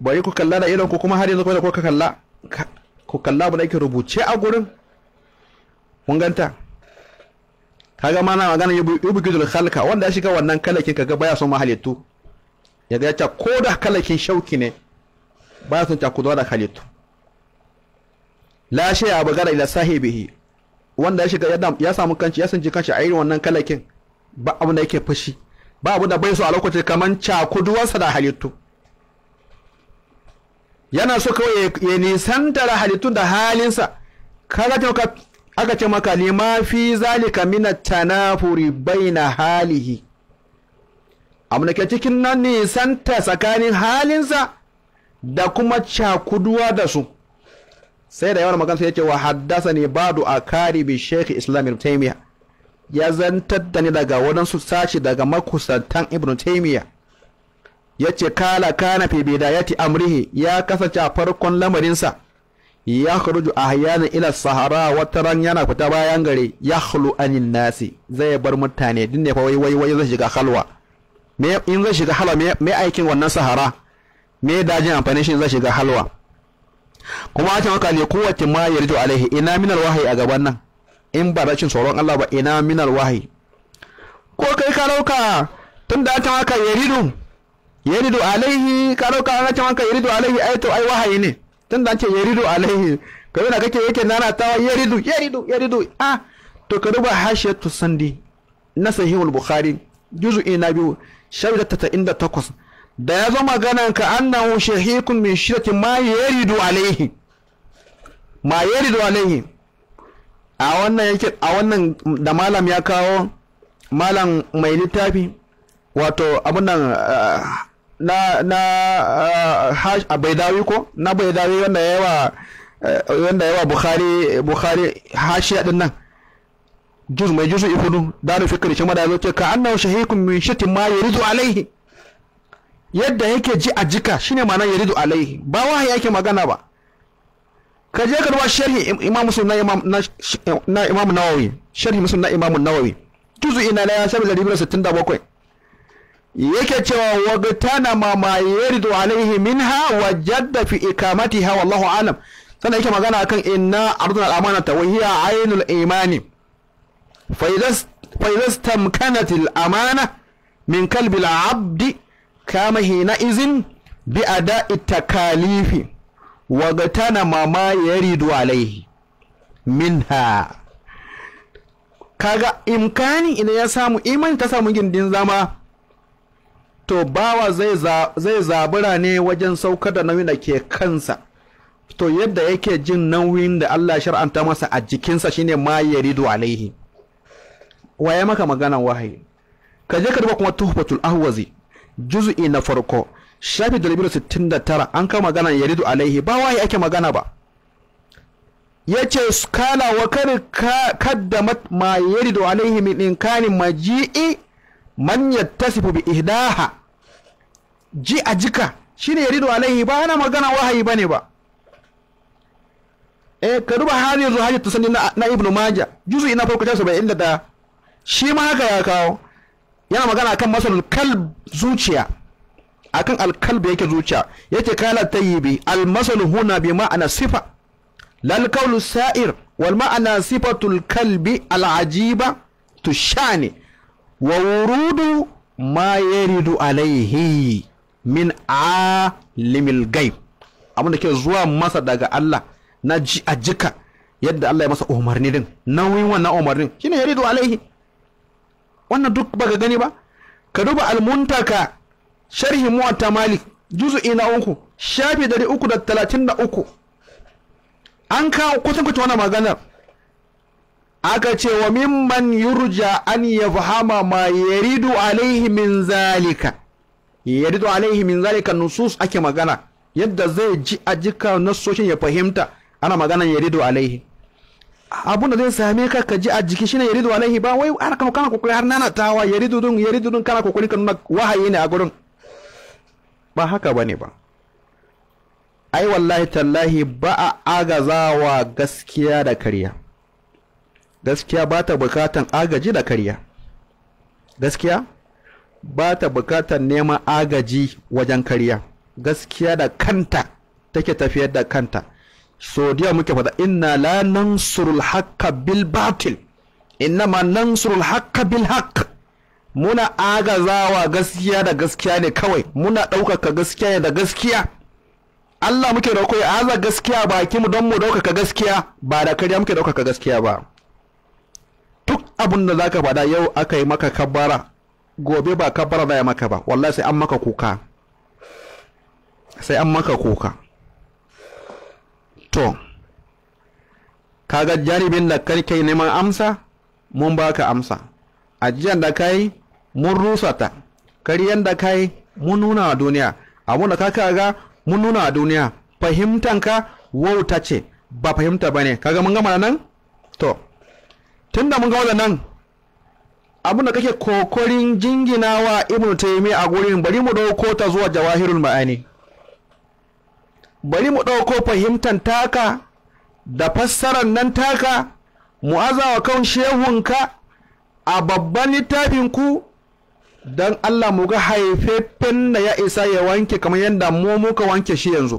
bari ku kalla da irin ku kuma har yanzu ku kalla ku kalla abin da yake rubuce a gurin mun ganta kaga ma na magana yubgidul khalqa wanda ya shiga wannan kalakin kaga baya son mahalittu ya ga ta ko da kalakin shauki ne baya son ta kudura da halittu la shay'a bagara ila sahibihi wanda ya shiga ya samu kanci ya sanci kanci a irin wannan kalakin ba abu da yake fushi ba abu da bai so a lokacin kamar cakuduwansa da halittu yana so kawai ya nisanta da halittu da halinsa kaga aka ce maka lima fi zalika min tanafuri baina halihi abu da ke cikin nan nisanta tsakanin halinsa da kuma cakuduwa da su sai da yawan magana sai ya ce wa haddasa ne badu a kari bi shekhi islam ibn taymiya ya zantar da ni daga waɗansu sashi daga makusantan ibn ya ce kala kana fi bidayati amrihi ya kasance a farkon lamarinsa ya a hayanin ila sahara wata ran yana fita bayan gare ya khlu anin nasi zai bar mutane din ne fa wai wai zai shiga halwa in zai shiga halwa me aikin wannan sahara me dajin amfani shi zai shiga halwa kuma a maka ne kowace ma rijo alaihi ina minal wahayi a gaban nan in ba rashin tsoron Allah ba ina minal wahayi ko kai ka rauka tun da ta rido yaridu rido alaihi ka dauka an ta maka yaridu alaihi ai to ai wahayi ne tun da ce yaridu alaihi kai na kake yake nana tawa yaridu yaridu yaridu a to ka duba hashiyatu sandi na sahihul bukhari juzu'i na biyu da 98 da ya zo maganan ka annahu shahikun min shirki ma yaridu alaihi ma yaridu alaihi a wannan yake a wannan da malam ya kawo malam mai littafi wato abunan eh, na na eh, a baidawi ko na baidawi wanda yawa eh, wanda yawa bukhari bukhari hashiya din nan juz mai juzu ifudu daru fikri shi ma da zo ce ka annahu shahikun min shirki ma yaridu alaihi yadda yake ji a jika shine ma'anar yaridu alaihi ba wahayi yake magana ba ka je ka duba sharhi imam muslim na imam na imam nawawi sharhi muslim na imam nawawi juzu'i na laya sabi da ribira 67 yake cewa wagtana ma ma yaridu alaihi minha wa jadda fi ha wallahu alam sannan yake magana akan inna arduna al-amanata wa hiya ainul imani fa idza fa idza stamkanat al-amana min kalbi al-abdi kama hina izin bi da'i takalifi wa tana mama ridu alaihi minha kaga imkani ina ya samu imani ta samu gindin zama to bawa zai zabura ne wajen saukar da nauyin da ke kansa to yadda yake jin nauyin da Allah shar'anta masa a jikinsa shine ma ridu alaihi waye maka maganan wahayi ka je ka duba kuma tuhfatul ahwazi juz'i na farko shafi sittin da tara an kama magana yaridu alaihi ba waye ake magana ba ya ce skala wa kar kaddamat ma yaridu alaihi min inkani maji'i man yattasifu bi ihdaha ji a jika shine yaridu alaihi ba ana magana wahayi bane ba e ka duba halin ruhajat tusanni na ibnu maja juz'i na farko ta 71 shi ma haka ya kawo yana magana kan masalul kalb zuciya akan alkalb yake zuciya yake kala tayyibi almasal huna bi ma'ana sifa lal qawlu sa'ir wal ma'ana sifatul kalbi al ajiba tushani wa wurudu ma yaridu alaihi min alimil gai. abin da ke zuwa masa daga Allah na ji a jika yadda Allah ya masa umarni din nauyin wannan umarnin shine yaridu alaihi wannan duk baka gani ba ka duba almuntaka sharhi muwatta malik juzu'i ina uku shafi dari uku da talatin da uku an kawo kusan kuce wannan maganar aka ce wa mimman yurja an yafhama ma yaridu alaihi min zalika yaridu alaihi min zalika nusus ake magana yadda zai ji a jika nasoshin ya fahimta ana maganar yaridu alaihi abun da zai same ka ka ji a jiki shine yaridu alaihi ba wai har kana kana kokari har nana tawa yaridu dun yaridu dun kana kokari ka nuna wahayi ne a gurin ba haka bane ba ai wallahi tallahi ba a agazawa gaskiya da kariya. gaskiya ba ta bukatan agaji da kariya. gaskiya ba ta bukatan neman agaji wajen kariya. gaskiya da kanta take tafiyar da kanta sodiya muke faɗa inna la nansurul haqqa bil batil inna ma nansurul haqqa bil haqq muna agazawa gaskiya da gaskiya ne kawai muna ɗaukaka gaskiya ne da gaskiya Allah muke roƙo ya aza gaskiya baki mu don mu ɗaukaka gaskiya ba da karya muke ɗaukaka gaskiya ba duk abin da zaka faɗa yau aka yi maka kabbara gobe ba kabbara da ya maka ba wallahi sai an maka kuka sai an maka kuka to kaga jaribin da kai neman amsa mun baka amsa ajiyan da kai mun rusata ta karyan da kai mun nuna a duniya abun da ka kaga mun nuna a duniya fahimtanka wauta ce ba fahimta ba ne kaga mun gama nan to tun da mun gama nan abun da kake kokarin jinginawa ibnu taymi a gurin bari mu dauko ta zuwa jawahirul ma'ani bari mu ɗauko fahimtar taka da fassarar nan taka mu azawa kan shehunka a babban littafinku don Allah mu ga haifaffen da ya isa ya wanke kamar yadda mu muka wanke shi yanzu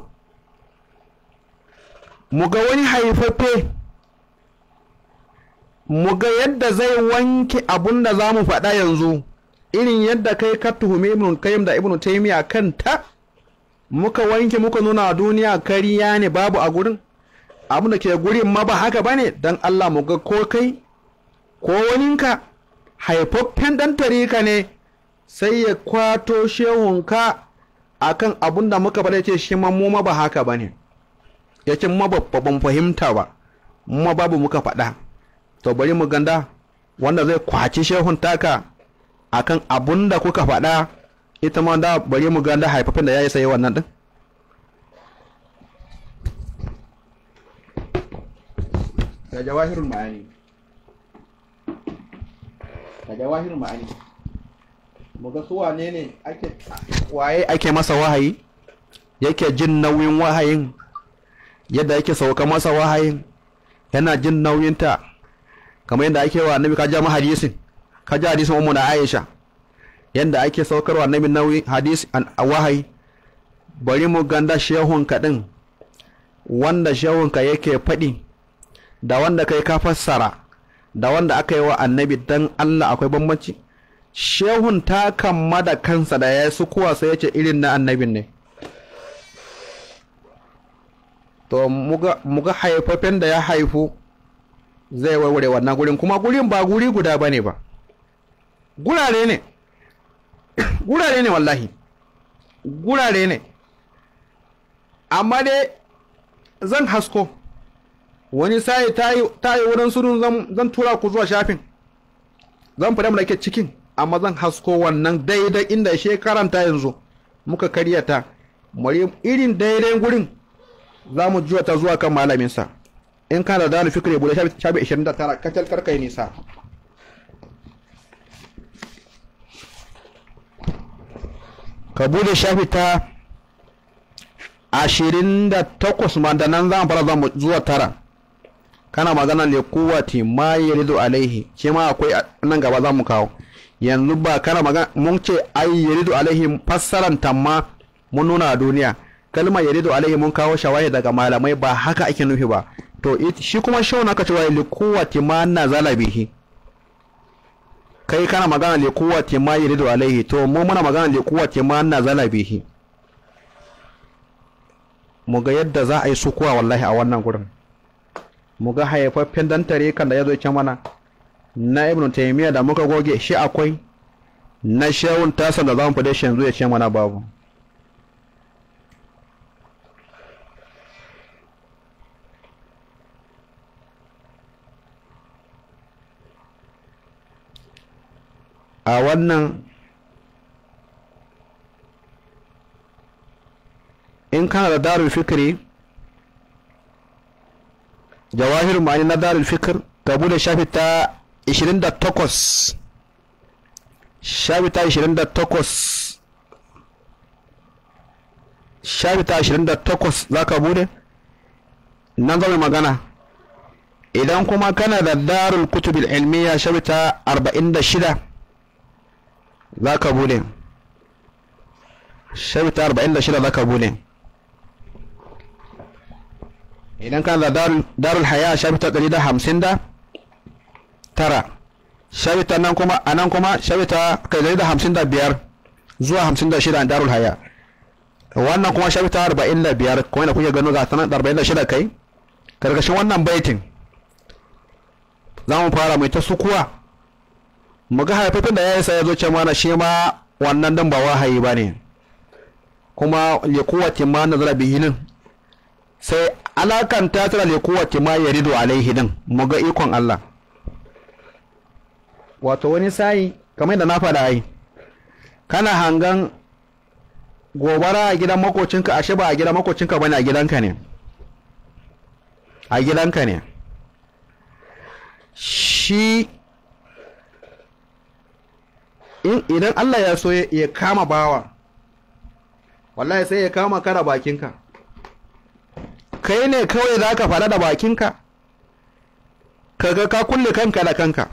mu ga wani haifaffe mu ga yadda zai wanke abun da za mu faɗa yanzu irin yadda kai ka tuhumi ibn kayyim da ibn taymiya kanta muka wanke muka nuna duniya kariya ne babu a gurin abin da ke gurin ma ba haka ba ne don Allah mu ga ko kai ko waninka haifaffen ɗan tarika ne sai ya kwato shehunka a kan abin da muka bada ce shi ma mu ma ba haka ba ne ya ce ma babban fahimta ba ma babu muka faɗa to bari mu ganda wanda zai kwaci shehun taka akan abin da kuka faɗa ita ma da bari mu ga da haifafin da ya yi sai wannan din da jawahirul ma'ani da jawahirul ma'ani mu ga su wane ne ake waye ake masa wahayi yake jin nauyin wahayin yadda yake sauka masa wahayin yana jin nauyinta kamar yadda ake wa annabi ka ja mahadisin ka ja hadisin ummu na aisha Yadda ake saukarwa annabi nawi hadis wahayi bari mu ganda shehunka din wanda shehunka yake faɗi da wanda kai ka fassara da wanda aka yi wa annabi dan Allah akwai bambanci shehun ta kamma da kansa da ya su kuwa sai ya ce irin na annabin ne to muga haifafen da ya haifu zai warware wannan gurin kuma gurin ba guri guda ba ba gurare ne gurare ne wallahi gurare ne amma dai zan hasko wani sai ta yi wurin surun zan tura ku zuwa shafin zan fi damar da ke cikin amma zan hasko wannan daidai inda shekaran ta yanzu muka ta mari irin daidai gurin za mu juwa ta zuwa kan malaminsa in kana da dalil fikri bude shafi 29 kacal karkai nisa ka bude shafi ta ashirin da takwas ma da nan za a fara zuwa tara kana magana ne kowace ma ya rido alaihi ce ma akwai nan gaba za mu kawo yanzu ba kana magana mun ce ai ya rido alaihi fassaran tamma mun nuna a duniya kalmar ya rido alaihi mun kawo shawaye daga malamai ba haka ake nufi ba to shi kuma shawon aka cewa li kowace ma na zalabihi kai kana magana le kuwati ma yuridu alaihi to mu muna magana le kuwati ma na zala bihi mu ga yadda za a yi sukuwa wallahi a wannan gurin mu ga haifaffen dantare kan da ya zo ce mana na ibnu taymiya da muka goge shi akwai na shawun tasa da zamu fada shi yanzu ya ce mana babu a wannan in kana da darul fikri jawahir ma'ani na darul fikir ka bude shafi ta 28 shafi ta 28 shafi ta 28 za ka bude nan zama magana idan kuma kana da darul kutubil ilmiya shafi ta 46 za ka bule shafi arba'in da shida za ka bule idan ka da darul haya shafi ɗari da hamsin da tara shafi nan kuma a nan kuma shafi ta ɗari da hamsin da biyar zuwa hamsin da shida darul haya wannan kuma shafi arba'in da biyar kuma yana kuke gano ga sanar arba'in da shida kai karkashin wannan baitin za mu fara mai ta sukuwa mu ga haifafin da ya isa ya zo ce mana shi ma wannan dan ba wahayi ba ne kuma likuwati ma nazara bihinin sai alakanta tara likuwati ma ya rido alaihi din ga ikon Allah wato wani sai kamar da na faɗa ai kana hangan gobara a gidan makocinka ashe ba a gidan makocinka bane a gidanka ne a gidanka ne shi idan Allah ya so ya kama bawa wallahi sai ya kama kara bakinka kai ne kawai za ka faɗa da bakinka kaga ka kulle kanka da kanka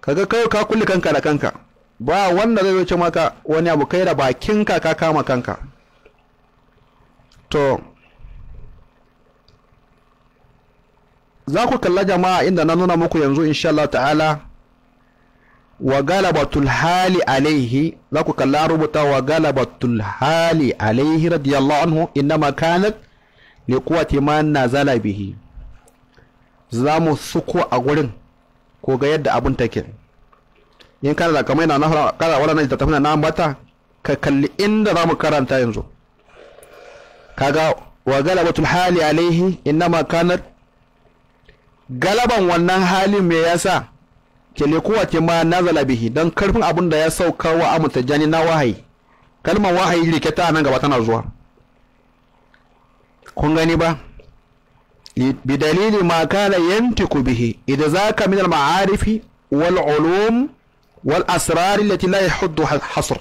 kaga kawai ka kulle kanka da kanka ba wanda zai wuce maka wani abu kai da bakinka ka kama kanka to za ku kalla jama'a inda na nuna muku yanzu insha Allah ta'ala wa galabatul hali alaihi za ku kalla rubuta wa galabatul hali alaihi radiyallahu anhu innama kanat li quwwati man nazala bihi za mu suko a gurin ko ga yadda abun take in kana da kamar yana nahara kana wala nan da tafina na bata ka kalli inda za mu karanta yanzu kaga wa galabatul hali alaihi inna makanat galaban wannan halin me yasa kele a ke ma nazala bihi don karfin abin da ya sauka wa amu jani na wahayi kalmar wahayi ta nan gaba tana zuwa kun gani ba bi dalili ma kana yantiku bihi idan zaka min al ma'arifi wal ulum wal asrar allati la yahuddu hasr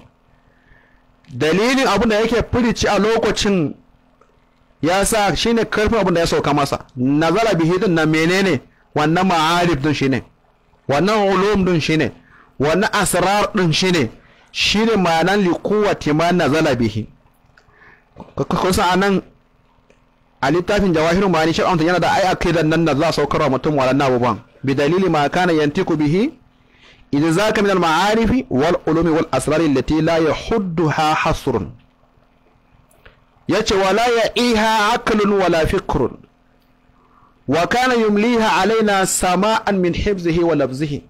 dalilin abin da yake firici a lokacin ya sa shine karfin abin da ya sauka masa nazala bihi din na menene wannan ma'arif din shine wannan ulum din shine wannan asrar din shine shine ma'anan li quwwati ma nazala bihi kusa anan a littafin jawahirin ma'ani shi amsa yana da ai akidan nan da za saukar wa mutum wa wannan abubuwan bi dalili ma kana yantiku bihi idan za min al ma'arifi wal ulumi wal asrari lati la ha hasrun yace wala ya iha aqlun wala fikrun wa kana yumliha alaina sama'an min hibzihi wa labzihi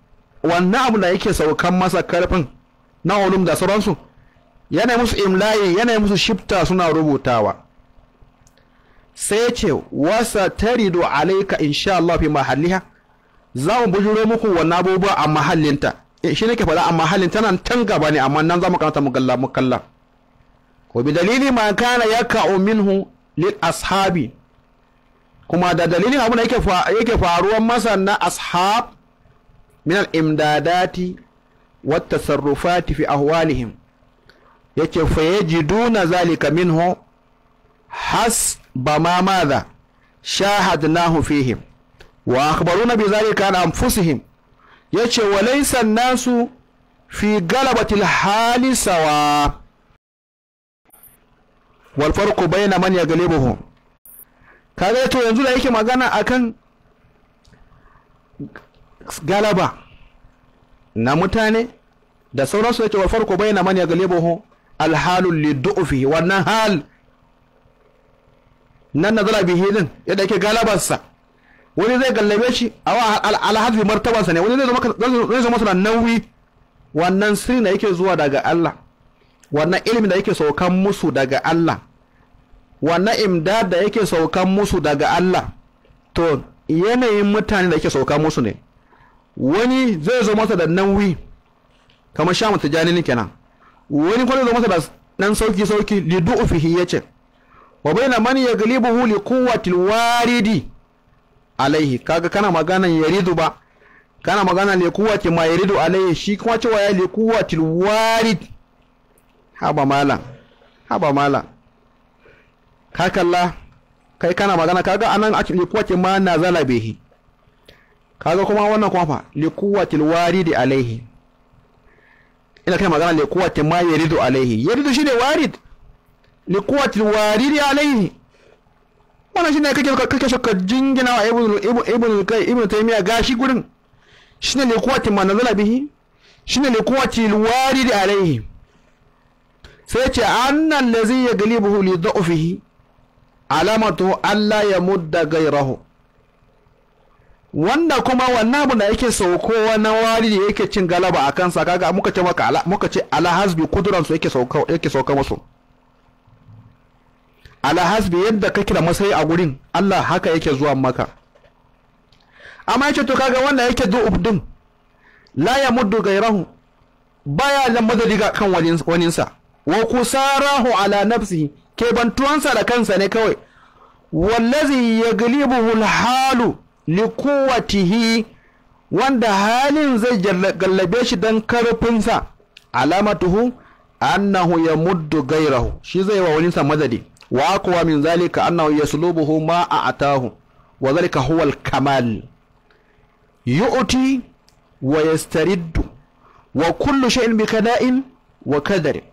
wannan abu da yake saukan masa karfin na ulum da sauransu yana musu imlayi yana musu shifta suna rubutawa sai ce wasa taridu alaika insha Allah fi mahalliha za mu bujuro muku wannan abubuwa a mahallinta eh, shi ne ke faɗa a mahallin tana tan gaba ne amma nan za mu kanta mu kalla mu kalla ko bi dalili ma kana yaka'u minhu lil ashabi kuma da dalilin abin da yake faruwan masa na ashab min imdadati wa tasarrufati fi ahwalihim yake fayajiduna zalika minhu hasba ma madha shahadnahu fihim wa akhbaruna bi zalika an anfusihim yace wa laysa nasu fi galabati al-hali sawa wal farqu bayna man yaghlibuhum kaga to yanzu da yake magana akan galaba na mutane da sauransu da ke wa farko bayyana man yaghlibuhu al halu alhalun du'fi wannan hal nan nazara bihi din yadda yake galabarsa wani zai gallabe shi a alhazi martabarsa ne wani zai zama masa nauyi wannan sirri da yake zuwa daga Allah wannan ilimin da yake saukan musu daga Allah wannan imdad da yake saukan musu daga Allah to yanayin mutane da yake saukan musu ne wani zai zo masa da nauyi kamar mata tijanini kenan wani kuma zai zo masa da nan sauki sauki li du'fihi yace wa baina man yaglibuhu li quwwati waridi alaihi kaga kana magana yaridu ba kana magana li quwwati ma yaridu alaihi shi kuma cewa ya li quwwati warid haba mala haba malam ka kalla kai kana magana kaga anan likuwatin ma na zala bihi kaga kuma wannan kuma fa wari da alaihi ina kai magana likuwatin ma yaridu alaihi yaridu shine warid wari da alaihi wannan ne kake kake shakka jingina wa ibnu ibnu kai ibnu taymiya gashi gurin shi shine likuwatin ma na zala bihi shine wari da alaihi sai ce annan lazi ya galibuhu li da'ufihi alamatu Allah ya mudda gairahu wanda kuma wannan abu da yake saukowa na wari da yake cin galaba a kansa kaga muka ce maka ala muka ce ala hasbi su yake sauka yake sauka musu ala hasbi yadda ka kira masai a gurin Allah haka yake zuwa maka amma yace to kaga wanda yake du din la ya muddu gairahu baya da madadi ga kan waninsa wa kusarahu ala nafsihi kebantuwansa da kansa ne kawai wallazi ya galibuhul halu likuwatihi wanda halin zai gallabe shi don karfinsa alamatuhu annahu ya muddu gairahu shi zai wa waninsa madadi wa kuwa min zalika annahu sulubuhu ma a atahu wa zalika huwal kamal yu'ti wa yastariddu wa kullu shay'in bi kada'in wa kadari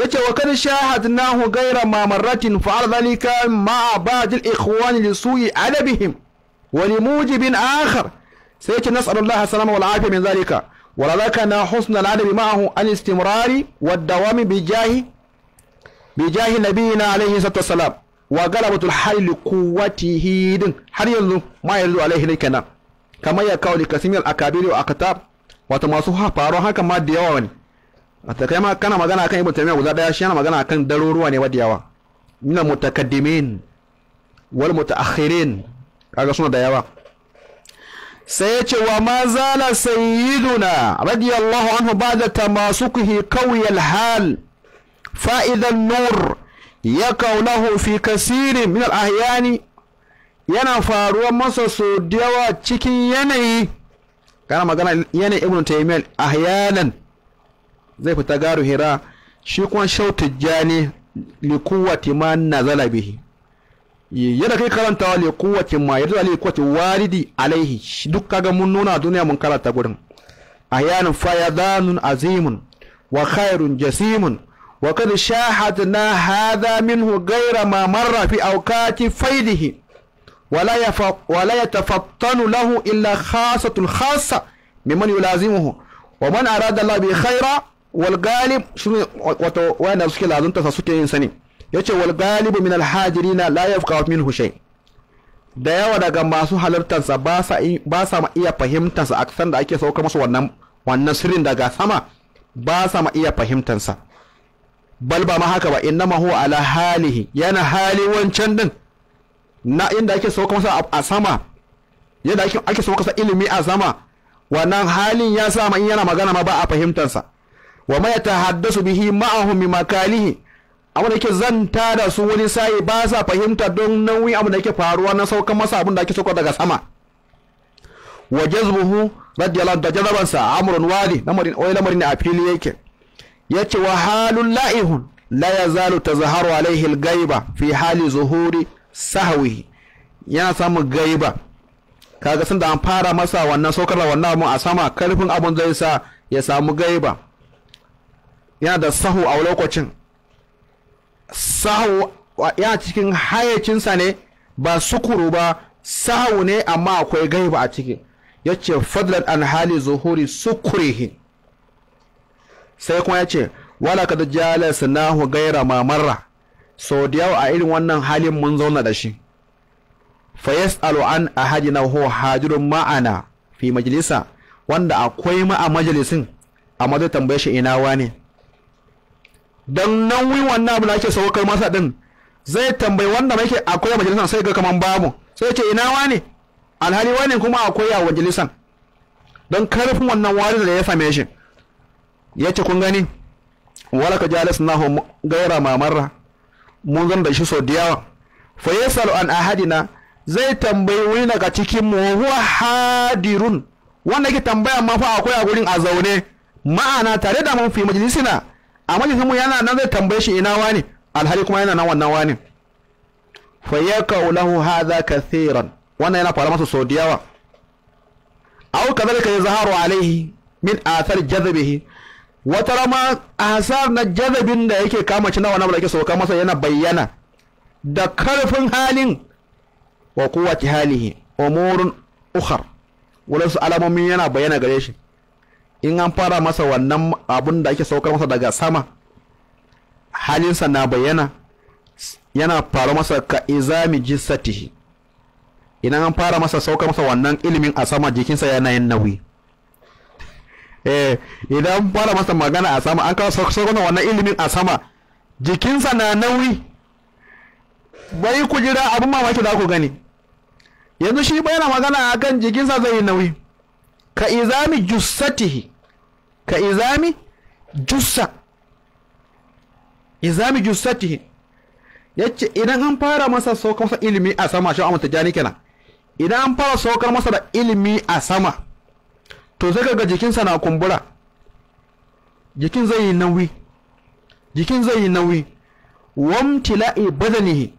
yace wa kad shahadnahu ghayra ma marratin fa dhalika ma ba'd al ikhwan li su'i adabihim wa li mujibin akhar sai yace nas'alullaha salama wal afiya min zalika wa razaqana husna al adabi ma'ahu an istimrari wa dawami bi jahi bi jahi nabiyina alayhi salatu wassalam wa galabatu al hal li quwwatihi din har yanzu ma yanzu alayhi kenan kamar ya kawo li kasimil akabiri wa akatab wata masu faruwa haka ma da yawa ne a takai ma kana magana akan ibn taymiya guda daya shi yana magana akan daruruwa ne wadda yawa min mutakaddimin wal mutaakhirin kaga suna da yawa sai ya ce wa ma zala sayyiduna radiyallahu anhu ba'da tamasukihi qawiyal hal fa'idan nur ya kaunahu fi kasirin min al-ahyani yana faruwa masa so da yawa cikin yanayi kana magana yanayi ibn taymiya ahyanan zai fita garu hira shi kuma shau tijjani likuwati ma nazala bihi yadda kai karantawa likuwati ma yadda likuwati walidi alaihi duk kaga mun nuna duniya mun karanta gurin ahyanin fayadanun azimun wa khairun jasimun wa kad shahadna hadha minhu ghayra ma marra fi awqati faidihi ولا يف... ولا يتفطن له إلا خاصة خاصة ممن يلازمه ومن أراد الله به خيرا wal galib shine wato wanda suke lazunta sa suke yin sani yace wal galib min al hajirina la yafqa minhu shay da yawa daga masu halartar sa ba sa ba sa ma iya fahimtar sa aksan da ake saukar musu wannan wannan sirrin daga sama ba sa ma iya fahimtar sa bal ba ma haka ba ma huwa ala halihi yana hali wancan din na inda ake sauka masa a sama yadda ake sauka masa ilimi a sama wannan halin ya sa ma in yana magana ma ba a fahimtar sa wa ma su bihi ma'ahu mi makalihi abin da yake zanta da su wani sa'i ba sa fahimta don nauyin abin da yake faruwa na saukan masa abin da ake sauka daga sama wa jazbuhu radiyallahu da sa amrun wadi lamarin oyi lamarin a fili yake yace wa halul la'ihun la yazalu tazharu alayhi al-ghaiba fi hali zuhuri sahwihi yana samun gaiba kaga sun da an fara masa wannan saukar wannan mu a sama karfin abun zai sa ya samu gaiba yana da sahu a lokacin sahu yana cikin hayacinsa ne ba sukuru ba sahu ne amma akwai gaiba a ciki ya ce fadlan an hali zuhuri sukurihi sai kuma ya ce wala kada jalasa nahu gaira mamarra sau da yawa a irin wannan halin mun zauna da shi fa yas'alu an na ho hajirun ma'ana fi majalisa wanda akwai ma a majalisin amma zai tambaye shi ina wane ne don nan wi wannan abu da ake saukar masa din zai tambayi wanda mai ke akwai a majalisar sai ga kaman babu sai ce ina wani alhali wani kuma akwai a majalisan don karfin wannan wari da ya same shi ya ce kun gani wala ka jalis na gaira mamarra mun zan da shi sau da yawa fa yasalu an ahadina zai tambayi wani daga cikin mu huwa hadirun wanda ke tambaya ma fa akwai a gurin a zaune ma'ana tare da mun fi majalisina amma jikin mu yana nan zai tambaye shi ina wani alhali kuma yana nan wannan wani fa yakau lahu hadha kathiran wannan yana faruwa masa sau da yawa aw kadhalika yazharu alaihi min athar jadhabihi wata rama asar na jazabin da yake kama cinawa na abu da yake sauka masa yana bayyana da karfin halin wa kowace halihi umurun ukhar wurin su alamomin yana bayyana gare shi in an fara masa wannan abun da ake saukar masa daga sama halinsa na bayyana yana faru masa ka izami jissatihi idan an fara masa saukar masa wannan ilimin a sama jikinsa yana yin nauyi eh idan fara masa magana a sama an kawo saukar masa wannan ilimin a sama jikinsa na nauyi bai ku jira abin mamaki da ku gani yanzu shi bai yana magana akan jikinsa zai yi nauyi ka izami jussatihi ka izami jussa izami jussatihi yace idan an fara masa saukar masa ilimi a sama shi amma tajani kenan idan an fara saukar masa da ilimi a sama to sai ga jikinsa na kumbura jikin zai yi nauyi jikin zai yi nauyi wamtila'i badanihi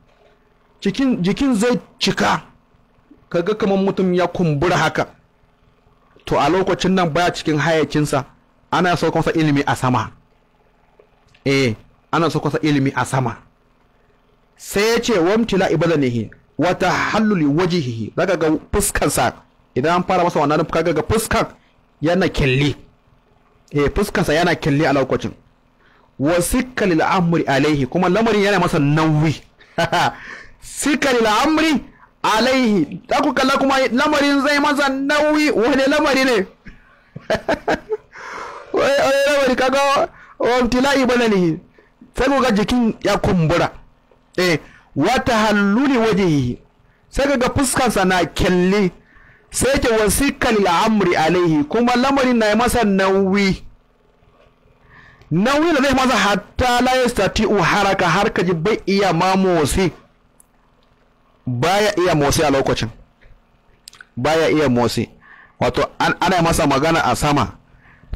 cikin jikin zai cika kaga kamar mutum ya kumbura haka to a lokacin nan baya cikin hayacinsa ana so kwasa ilimi a sama eh ana so masa ilimi a sama sai ya ce wamtila ibadanihi wata halluli wajihihi daga ga fuskansa idan an fara masa wannan fuka ga fuskan yana kelli eh fuskansa yana kelli a lokacin wa sikali amri alaihi kuma lamarin yana masa nauyi sikali lil amri alaihi da ku kalla kuma lamarin zai masa nauyi wani lamari ne wani kaga wamtila'i balalihi sai ga jikin ya kumbura eh wata halluli wajihi sai ka ga fuskansa na kyalli sai ke wasikal al'amri alaihi kuma lamarin na masa nauyi nauyi da zai masa hatta la haraka har ka ji bai iya ma motsi baya iya motsi a lokacin baya iya motsi wato ana masa magana a sama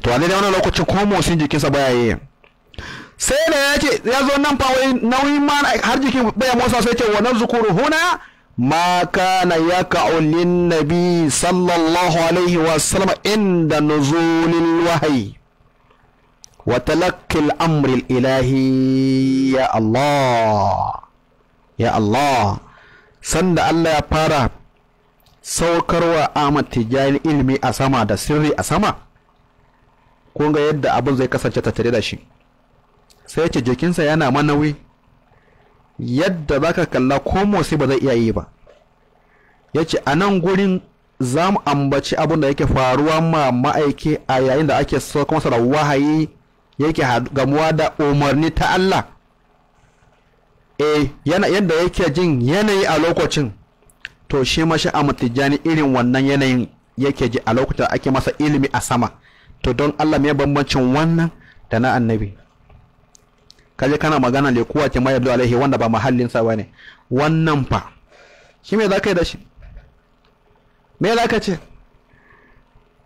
to a daidai wani lokacin ko motsin jikinsa baya yi sai da ya ce ya zo nan fa wai nauyin ma har jikin baya motsa sai ce wannan zukuru huna ma kana yaka'u lin nabi sallallahu alaihi wa sallam inda nuzulil wahyi wa talakki amri ilahi ya Allah ya Allah sanda Allah ya fara saukarwa Ahmad Tijani ilimi a sama da sirri a sama kun ga yadda abin zai kasance ta tattare da shi sai ce jikinsa yana manawi yadda za ka kalla ko motsi ba zai iya yi ba ya ce a nan gurin za mu ambaci abin da yake faruwa ma ma'aiki a yayin da ake sauka masa da wahayi yake gamuwa da umarni ta Allah e yana yadda yake jin yanayi a lokacin to shi mashi a irin wannan yanayin yake ji a lokacin da ake masa ilimi a sama to don Allah me bambancin wannan da na annabi kaje kana magana le kuwa ke mai alaihi wanda ba mahallin sa bane wannan fa shi me zaka yi da shi me zaka ce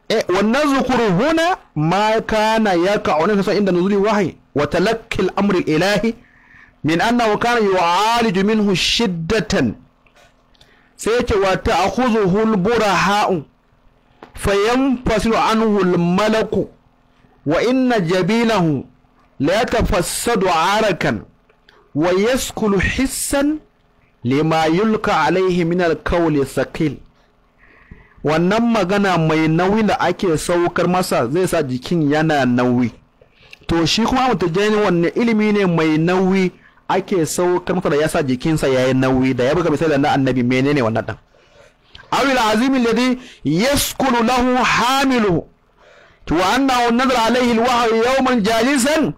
eh wannan zukuru huna ma kana yaka'u wannan sa inda nuzuli wahyi wa talakki al-amri ilahi min annahu kana yu'aliju minhu shiddatan sai yake wa ta'khuzuhu al-buraha'u fayanfasiru anhu malaku wa inna jabilahu la yatafassadu arakan wa yaskulu hissan lima yulka alaihi min thaqil wannan magana mai nauyi da ake saukar masa zai sa jikin yana nauyi to shi kuma mutajani wannan ilimi ne mai nauyi ake saukar masa da ya sa jikinsa ya yi nauyi da ya buga misali na annabi menene wannan dan أو العظيم الذي يسكن له حامله وأنه نزل عليه الوحي يوما جالسا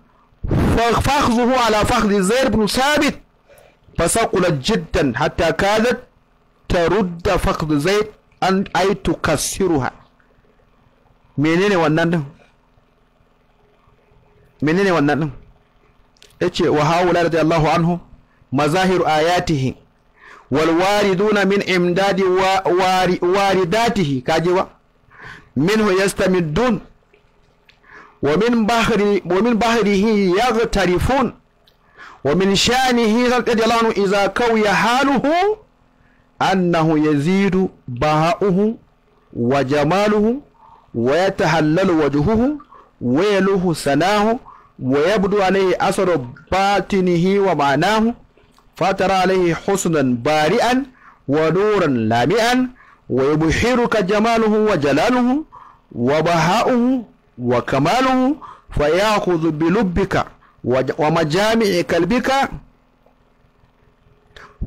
فأخذه على فخذ زير بن ثابت فثقلت جدا حتى كادت ترد فخذ زيد أن أي تكسرها منين ونن منين ونن wannan din yace wa haula radiyallahu anhu wal wariduna min imdadi waridatihi kaji wa minhu yastamidun wa min bahri wa min bahrihi yaghtarifun wa min shanihi radiyallahu anhu idza kawiya haluhu annahu yazidu bahauhu wa jamaluhu wa yatahallalu wajhuhu wa yaluhu sanahu wa yabdu alayhi asaru batinihi wa ma'nahu fatara alaihi husnan bari'an wa nuran lami'an wa yubhiruka jamaluhu wa jalaluhu wa baha'uhu wa kamaluhu fa ya'khudhu bi lubbika wa majami'i kalbika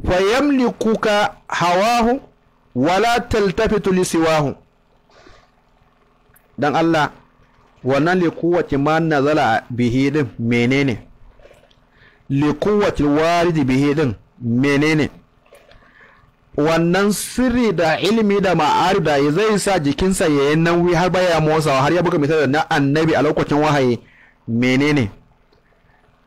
fa yamlikuka hawahu wa la taltafitu li siwahu dan Allah wannan likuwati ma nazala bihi din menene likuwatil waridi bihi din menene wannan sirri da ilimi da ma'arif da zai sa jikinsa ya yi nauyi har baya motsawa har ya buga misali na annabi a lokacin wahayi menene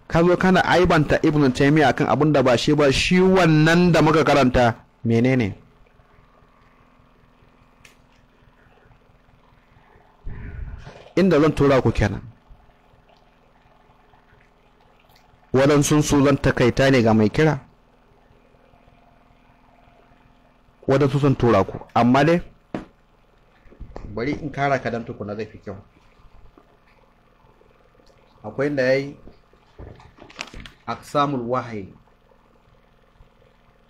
ka zo kana aibanta ibn a kan abin da ba shi ba shi wannan da muka karanta menene inda zan tura ku kenan waɗansu su zan takaita ne ga mai kira waɗansu sun tura ku amma dai bari in kara ka dan tukuna zai fi kyau akwai da ya yi aksamul wahayi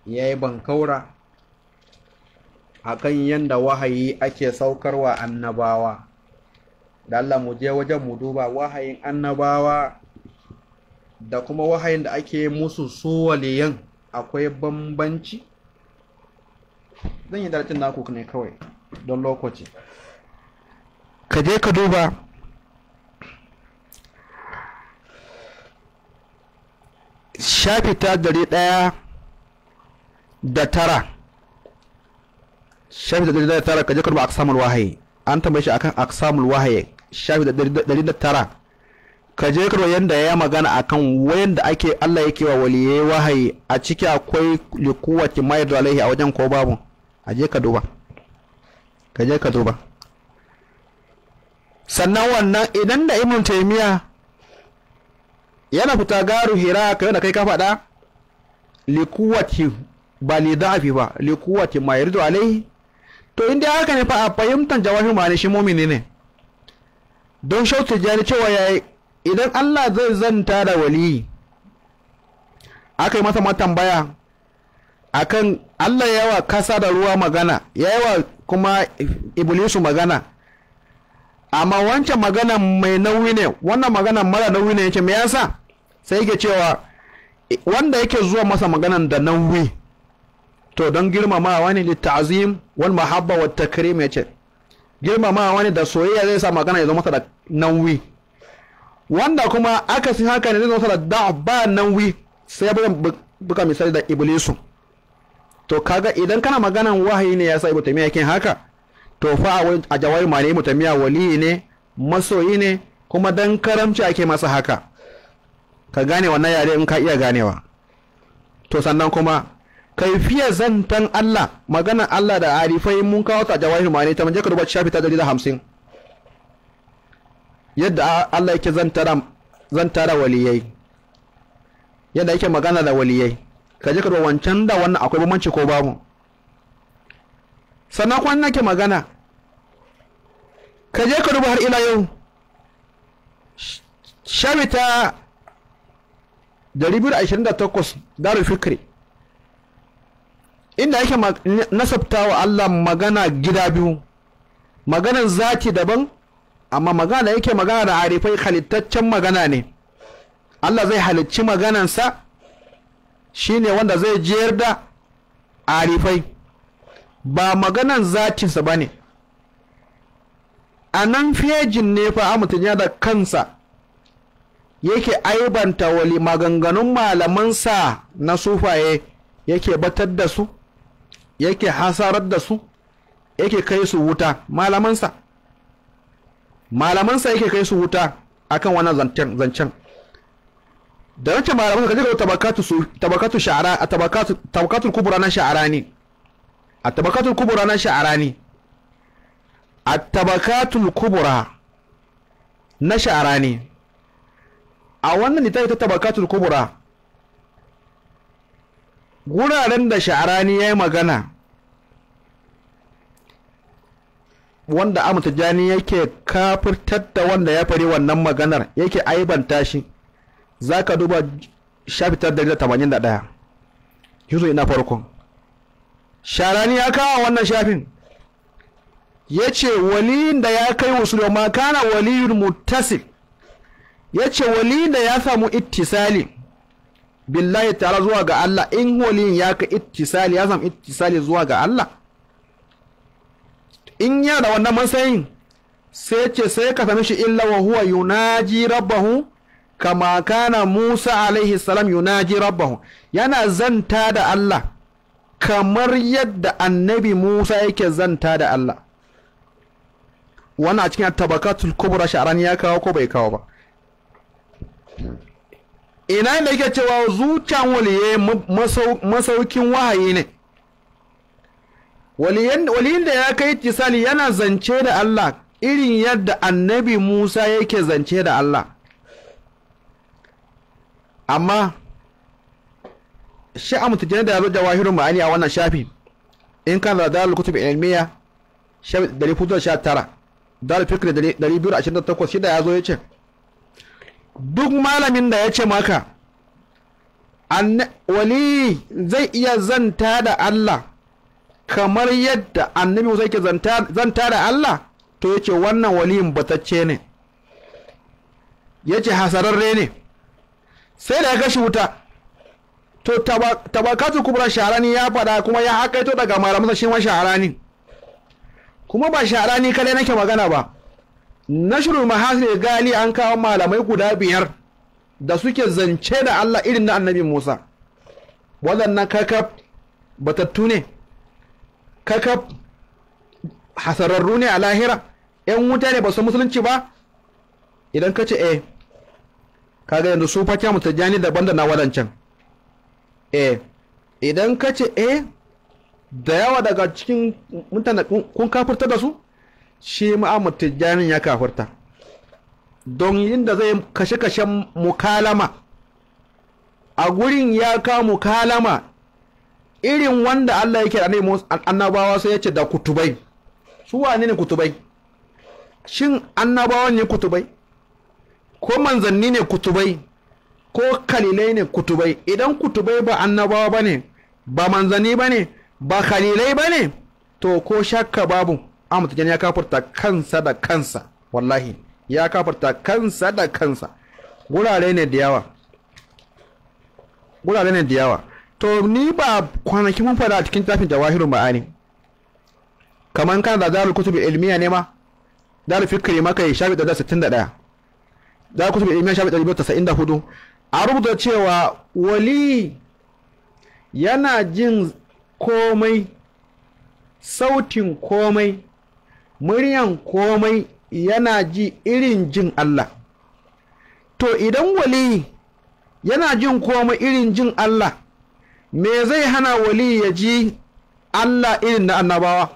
ya yi bankaura a kan yadda wahayi ake saukarwa annabawa da Allah mu je wajen mu duba wahayin annabawa da kuma wahayin da ake musu su waliyan akwai bambanci zan yi daratin naku ne kawai don lokaci ka je ka duba shafi ta dari daya da tara shafi da dari da tara ka je ka duba aksamul wahayi an tambaye shi akan aksamul wahayi shafi da dari da tara ka je karo yadda ya magana akan wayan da ake Allah yake wa waliye wahayi a ciki akwai likuwati mai alaihi a wajen ko babu a je ka duba ka je ka duba sannan wannan idan da ibn taimiya yana fita garu hira ka yana kai ka faɗa likuwati ba ni da'afi ba likuwati mai da alaihi to inda haka ne fa a fahimtar jawahir ma ne shi mumini ne don shautu jani cewa yi. idan Allah zai zanta da wali, aka yi masa matambaya akan Allah yawa kasa da ruwa magana yawa kuma iblisu magana amma wancan magana mai nauyi ne wannan magana mara nauyi ne yake me yasa sai yake cewa wanda yake zuwa masa maganan da nauyi to don wani da litta'zim wal mahabba wat takrim yace girmamawa wani da soyayya zai sa magana ya zo masa da nauyi wanda kuma aka sun haka ne zai zama da da ba nan wi sai ya buga misali da iblisu to kaga idan kana maganan wahayi ne ya sa ibu tamiya yakin haka to fa a jawai mali ibnu tamiya wali ne masoyi ne kuma dan karamci ake masa haka ka gane wannan yare in ka iya ganewa to sannan kuma kaifiyar zantan Allah magana Allah da arifai mun kawo ta jawahir ma'ani ta manje ka duba shafi ta 150 yadda Allah yake zan tara waliyai yadda yake magana da waliyai ka ji karɓa wancan da wannan akwai bambanci ko babu sannan kwan nake magana ka je ka duba har ila yau Shabita 228 daru fikri inda yake nasabta wa Allah magana gida biyu maganan zati daban amma magana da yake magana da arifai halittaccen magana ne Allah zai halicci maganansa ne wanda zai jiyar da arifai ba maganan zatinsa ba ne a nan fejin ne fa mutum ya da kansa yake aibanta wali maganganun malamansa na sufaye yake batar da su yake hasarar da su yake kai su wuta malamansa malamansa yake kai su wuta akan wannan zancen zancen da nace malaman ka daga tabakatu su tabakatu sha'ara a tabakatu tabakatu kubura na sha'ara ne a tabakatul kubura na sha'ara ne a tabakatu kubura na sha'ara ne a wannan ne ta tabakatul kubura guraren da sha'ara ya yi magana wanda amata jani yake kafirtar da wanda ya fari wannan maganar yake aibanta shi za ka duba shafi da da tamanin yuzu ina farkon sharani ya kawo wannan shafin ya ce waliyin da ya kai wasu ma waliyun mutasil ya ce waliyin da ya samu ittisali billahi tare zuwa ga Allah in waliyin ya ka ittisali ya samu ittisali zuwa ga Allah in yana da wannan matsayin sai ce sai ka sami shi illa wa huwa yunaji rabbahu kama kana Musa alaihi salam yunaji rabbahu yana zanta da Allah kamar yadda annabi Musa yake zanta da Allah wannan a cikin tabakatul kubra sha'ran ya kawo ko bai kawo ba ina da yake cewa zuciyan waliye masaukin wahayi ne waliyin da ya kai tisali yana zance da Allah irin yadda annabi Musa yake zance da Allah amma shi a mutane da yazo jawahirun ma'ani a wannan shafi in kan da dalil kutub ilmiya shafi 419 dalil fikri 228 shi da yazo yace duk malamin da ce maka wali zai iya zanta da Allah kamar yadda annabi Musa yake zanta da Allah to yace wannan waliyin batacce ne yace hasararre ne sai da ya kashi wuta to tabakatu kubra sharani ya fada kuma ya hakaito daga malamansa shi ma sharani kuma ba sharani kadai nake magana ba nashrul mahasir gali an kawo malamai guda biyar da suke zance da Allah irin na annabi Musa waɗannan kakaf batattu ne kaka hasararru ne a lahira yan wuta ne ba su musulunci ba idan ka ce eh kaga yanzu su mutu jani daban da na wadancan eh idan ka ce eh da yawa daga cikin mutane kun kafirta da su shi ma'amar tijjanin ya kafirta don inda zai kashe-kashen mukalama a gurin ya ka mukalama irin wanda Allah yake da annabawa sai ya ce da kutubai su wa ne kutubai shin annabawan ne kutubai ko manzanni ne kutubai ko kalilai ne kutubai idan kutubai ba annabawa ba ne ba manzanni ba ne ba kalilai ba ne to ko shakka babu amurtajen ya kafarta kansa da kansa wallahi ya kafarta kansa da kansa gurare ne da yawa gurare ne da yawa to ni ba kwanakin mun fada a cikin tafin ba ne kamar kan da zarar kutubul ilmiya ne ma Zarar fikri maka ya shafi 61 darul kutubul ilmiya shafi hudu. a rubuta cewa wali yana jin komai sautin komai muryan komai yana ji irin jin Allah to idan wali yana jin komai irin jin Allah me zai hana wali ya ji Allah irin na annabawa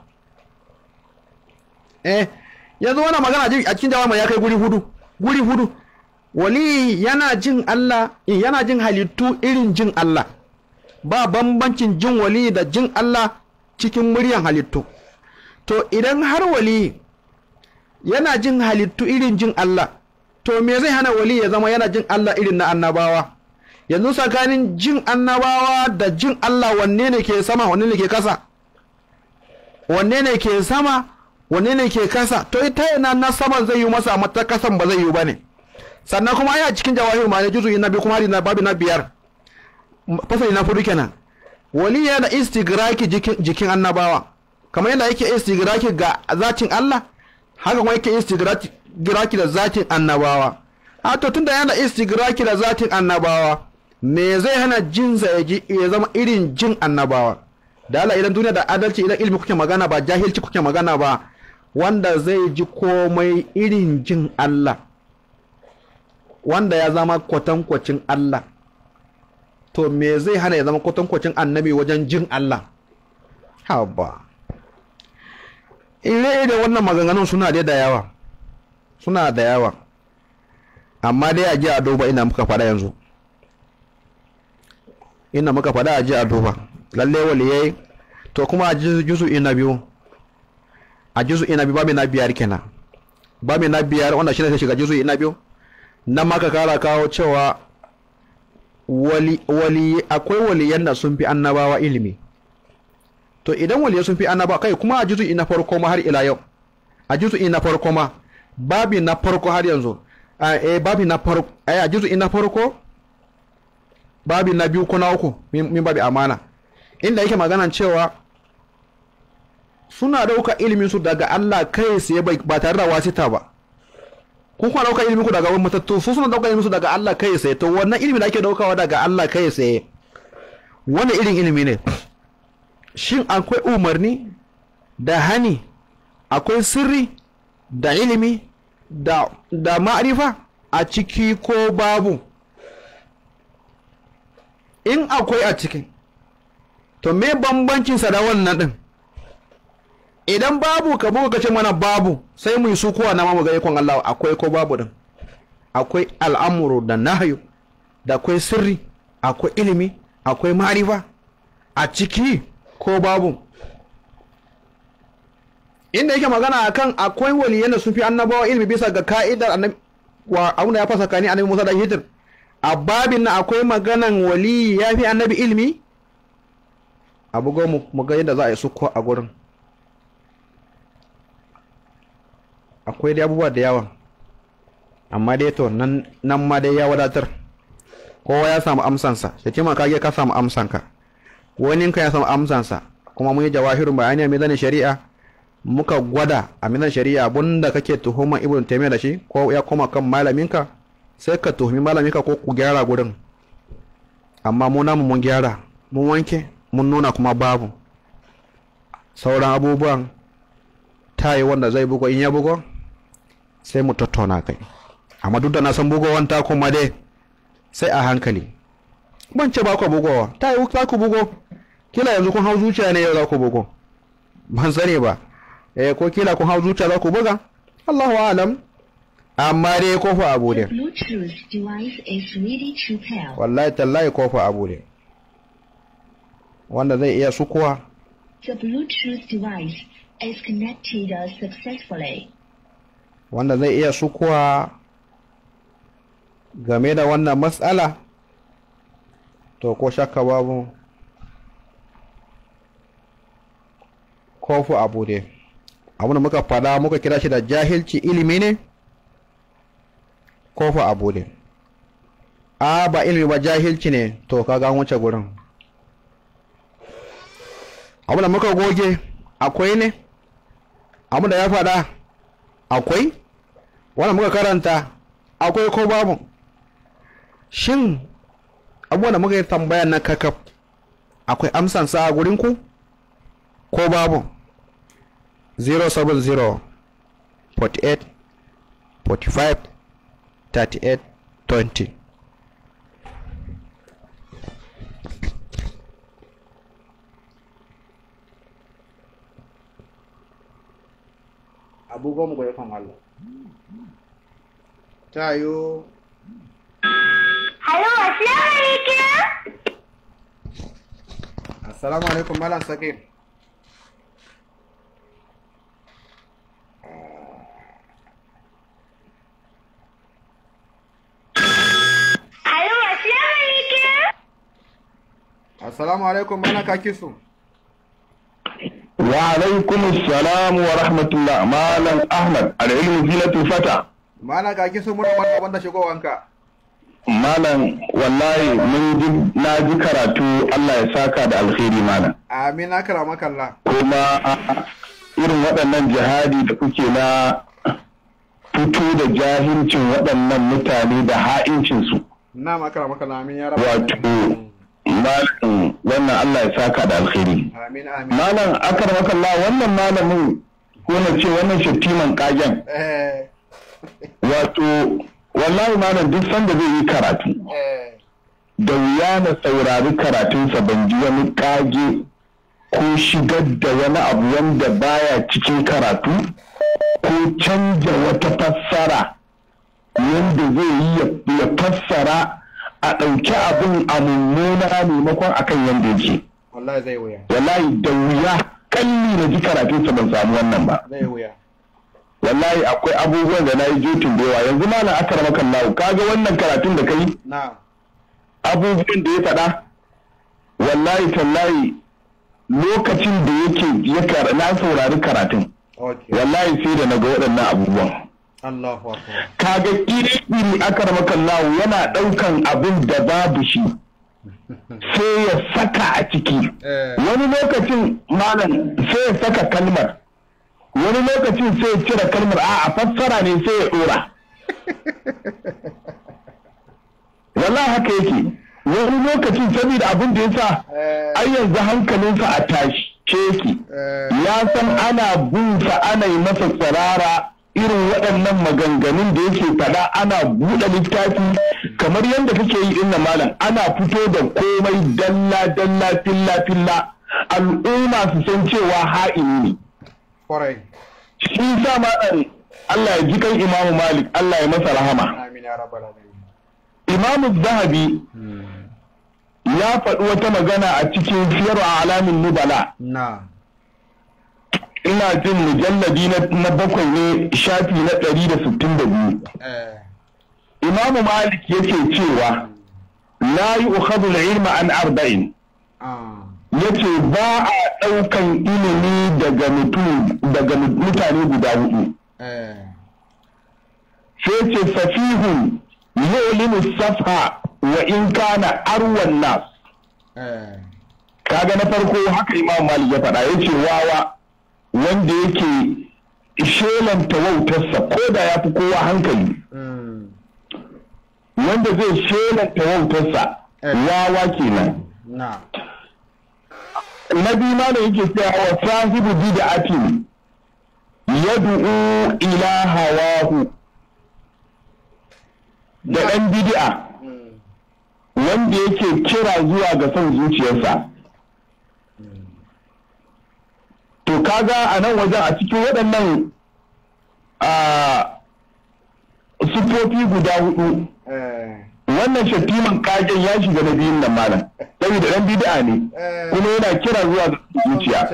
eh yanzu wannan magana a cikin jawama ya kai guri hudu guri hudu wali yana jin Allah eh, yana jin halittu irin jin Allah ba bambancin jin wali da jin Allah cikin muryan halittu to idan har wali yana jin halittu irin jin Allah to me zai hana wali ya zama yana jin Allah irin na annabawa yanzu tsakanin jin annabawa da jin Allah wanne ne ke sama wanne ne ke kasa wanne ne ke sama wanne ne ke kasa to ita yana na saman zai yi masa mata kasan ba zai yi ba ne sannan kuma aya cikin jawahir ma ne juzuyi na biyu kuma na babu na biyar fasali na fudu kenan wali yana istigraki jikin annabawa kamar yadda yake istigraki ga zatin Allah haka kuma yake istigraki da zatin annabawa a to tunda yana istigraki da zatin annabawa me zai hana jinsa ya zama irin jin annabawa da Allah idan duniya da adalci idan ilimi kuke magana ba jahilci kuke magana ba wanda zai ji komai irin jin Allah wanda ya zama kwatankwacin Allah to me zai hana ya zama kwatankwacin annabi wajen jin Allah haba ire da wannan maganganun suna da yawa suna da yawa amma dai a ji a duba ina muka faɗa yanzu inda muka faɗa a ji a duba lalle yayi to kuma a juzu'i na biyu a juzu'i na biyu babu na biyar kenan babu na biyar wanda shine sai shiga juzu'i na biyu nan maka kara kawo cewa wali wali akwai wali yanda sun fi annabawa ilimi to idan wali sun fi annabawa kai kuma a juzu'i na farko ma har ila yau a juzu'i na farko ma babu na farko har yanzu a eh, babu na farko eh, a juzu'i na farko babi na biyu ko na uku min babi amana inda yake magana cewa suna ɗauka ilimin su daga Allah kai sai ba tare da wasita ba ku kuma ɗauka ilimin ku daga wani matattu su suna ɗauka ilimin su daga Allah kai sai to wannan ilimin da ake ɗaukawa daga Allah kai sai wannan irin ilimi ne shin akwai umarni da hani akwai sirri da ilimi da, da ma'arifa a ciki ko babu in akwai a cikin to me bambancin da wannan din idan babu ka buga kace mana babu sai mu yi sukuwa na mu ga ikon Allah akwai ko babu din akwai al'amuru da nahyu da akwai sirri akwai ilimi akwai marifa a ciki ko babu inda yake magana akan akwai waliyan da sun fi annabawa ilimi bisa ga ka'idar annabi wa auna ya fasa kani annabi Musa da Hijr a babin na akwai maganan wali ya fi annabi ilimi. abu mu ga yadda za a yi suko a gurin akwai dai abubuwa da yawa amma dai to nan ma dai ya wadatar kowa ya samu amsansa shatima kage ka samu amsanka waninka ya samu amsansa kuma mun yi jawahirun bayani a mizanin shari'a muka gwada a mizanin shari'a abinda kake tuhuman ibn taymiya da shi ko ya koma kan malaminka sai ka tuhumi malami ka ko ku gyara gurin amma mu namu mun gyara mun wanke mun nuna kuma babu sauran abubuwan ta yi wanda zai bugo in ya bugo sai mu tattauna kai amma duk da na san bugowan ta kuma dai sai a hankali ban ce ba ku bugowa ta yi za ku bugo kila yanzu kun hau zuciya ne yau za ku bugo ban sani ba eh ko kila kun hau zuciya za ku buga Allahu a'lam amma dai kofa abu ne wallahi tallahi kofa abu ne wanda zai iya sukuwa The Bluetooth device is connected successfully. Wanda zai iya sukuwa game da wannan matsala? To, ko shakka babu kofu abu ne. abu da muka fada muka kira shi da jahilci ilimi ne? ko fa abu ne a ba ilimi ba jahilci ne to ka ga wuce gurin abu da muka goge akwai ne abu da ya faɗa akwai wanda muka karanta akwai ko babu shin abubuwan da muka yi tambaya na kakaf akwai amsansa a gurinku ko babu 070 48 45 3820 abugo mo goyo kangallo tayo hello assalamu alaikum assalamu alaikum malam sakim assalamu alaikum mana ka kisu wa alaikum assalam wa rahmatullah malam ahmad al-ilmu zinatul fata mana ka kisu mura wanda shigo shigowanka malam wallahi mun ji na ji karatu Allah ya saka da alkhairi malam amin akara makalla kuma irin waɗannan jihadi da kuke na fito da jahilcin waɗannan mutane da ha'incin su na makara amin ya rabu wato malam wannan Allah ya saka da alheri. malam akar Allah wannan malamin ko na ce wannan shattiman kagen eh. wato wallahi malam duk sanda zai yi karatu eh. da wuya na saurari karatunsa ban ji wani kage ko shigar da wani abu wanda baya cikin karatu ko canja wata fassara yadda zai yi ya fassara a ɗauki abin a mummuna maimakon a kan yadda yake wallahi zai wuya da wuya kalli na ji karatunsa ban samu wannan ba wallahi akwai abubuwan da na yi jutun da yawa yanzu na akar makan lawo kaga wannan karatun da kai abubuwan da ya faɗa wallahi tallahi lokacin da yake ya na saurari karatun wallahi sai da na ga waɗannan abubuwan kaga iri-iri aka rama kallawo yana ɗaukan abin da babu shi sai ya saka a ciki eh. wani lokacin malam sai ya saka kalmar wani lokacin sai ya cire kalmar a fassara ne sai ya dora wallahi haka yake wani lokacin saboda abin da ya sa eh. ai yanzu hankalinsa a tashi eh. ya san ana bunsa ana yi masa tsirara irin waɗannan maganganun da yake faɗa ana buɗe littafi kamar yadda kake yi inna malam ana fito da komai dalla dalla filla filla al'umma su san cewa ha'ini ne shi sa ma Allah ya ji kan Imamu Malik Allah ya masa rahama Imamu Zahabi hmm. ya faɗi wata magana a cikin a Alamin Nubala ina jin mujalladi na bakwai ne shafi na ɗari da sittin da biyu eh. imamu malik yake cewa la yi ukhadul ilma an arba'in ah. ce ba a ɗaukan ilimi daga mutane guda hudu eh. sai ce safihun yulimu safha wa in kana arwan nas eh. kaga na farko haka imam malik ya faɗa yace wawa wanda yake shelanta wautarsa ko da ya fi kowa hankali hmm. wanda zai shelanta wautarsa ya eh. wake na biyu ma da yake cewa wa sahibu ya duu ila hawahu da ɗan bidi'a hmm. wanda yake kira zuwa ga son zuciyarsa kaga a nan wajen a cikin waɗannan sufofi guda hudu eh. wannan shafiman kagen ya shiga na biyun nan malam saboda ɗan bid'a ne eh. kuma yana kira zuwa zuciya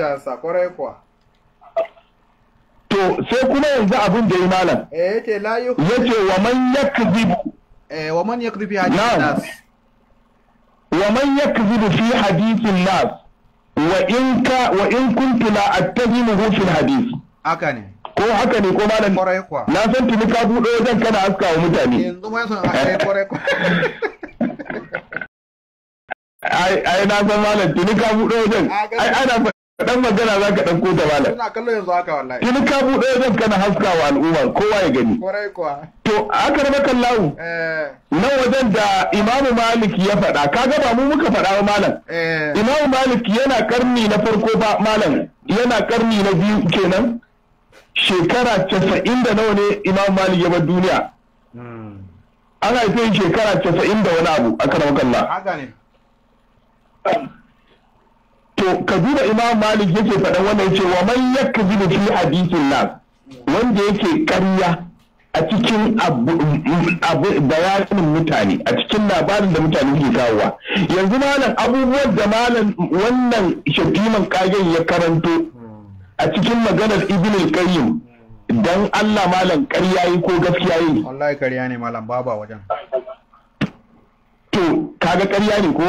to sai kuma yanzu abin da yi malam eh, Ya ce wa man ya wa man yakzibu fi hadithin nas wa in ka wa in kuntu la attahimuhu fi hadith haka ne ko haka ne ko malam na san tuni ka buɗe wajen kana aska wa mutane yanzu ma san haka ko ai ai na san malam tuni ka buɗe wajen ai ana dan magana za ka ɗan kota malam ina kallon yanzu haka wallahi tun ka buɗe zan kana haskawa al'umma kowa ya gani kwarai kuwa to aka raba kallahu eh. nan wajen da imamu malik ya faɗa ga ba mu muka faɗa wa malam eh. imamu malik yana karni na farko ba malam yana karni na biyu kenan shekara casa'in da nawa ne imamu malik ya bar duniya hmm. an haife shekara casa'in da wani abu a karamakan Allah to ka duba imam malik yake faɗan wannan yace wa man yakzibu fi hadithin nas wanda yake ƙarya a cikin bayanin mutane a cikin labarin da mutane ke kawowa yanzu malam abubuwan da malam wannan shafiman kagen ya karanto a cikin maganar ibn al-qayyim dan Allah malam ƙarya yi ko gaskiya yi wallahi ƙarya ne malam baba wajen to kaga ƙarya ne ko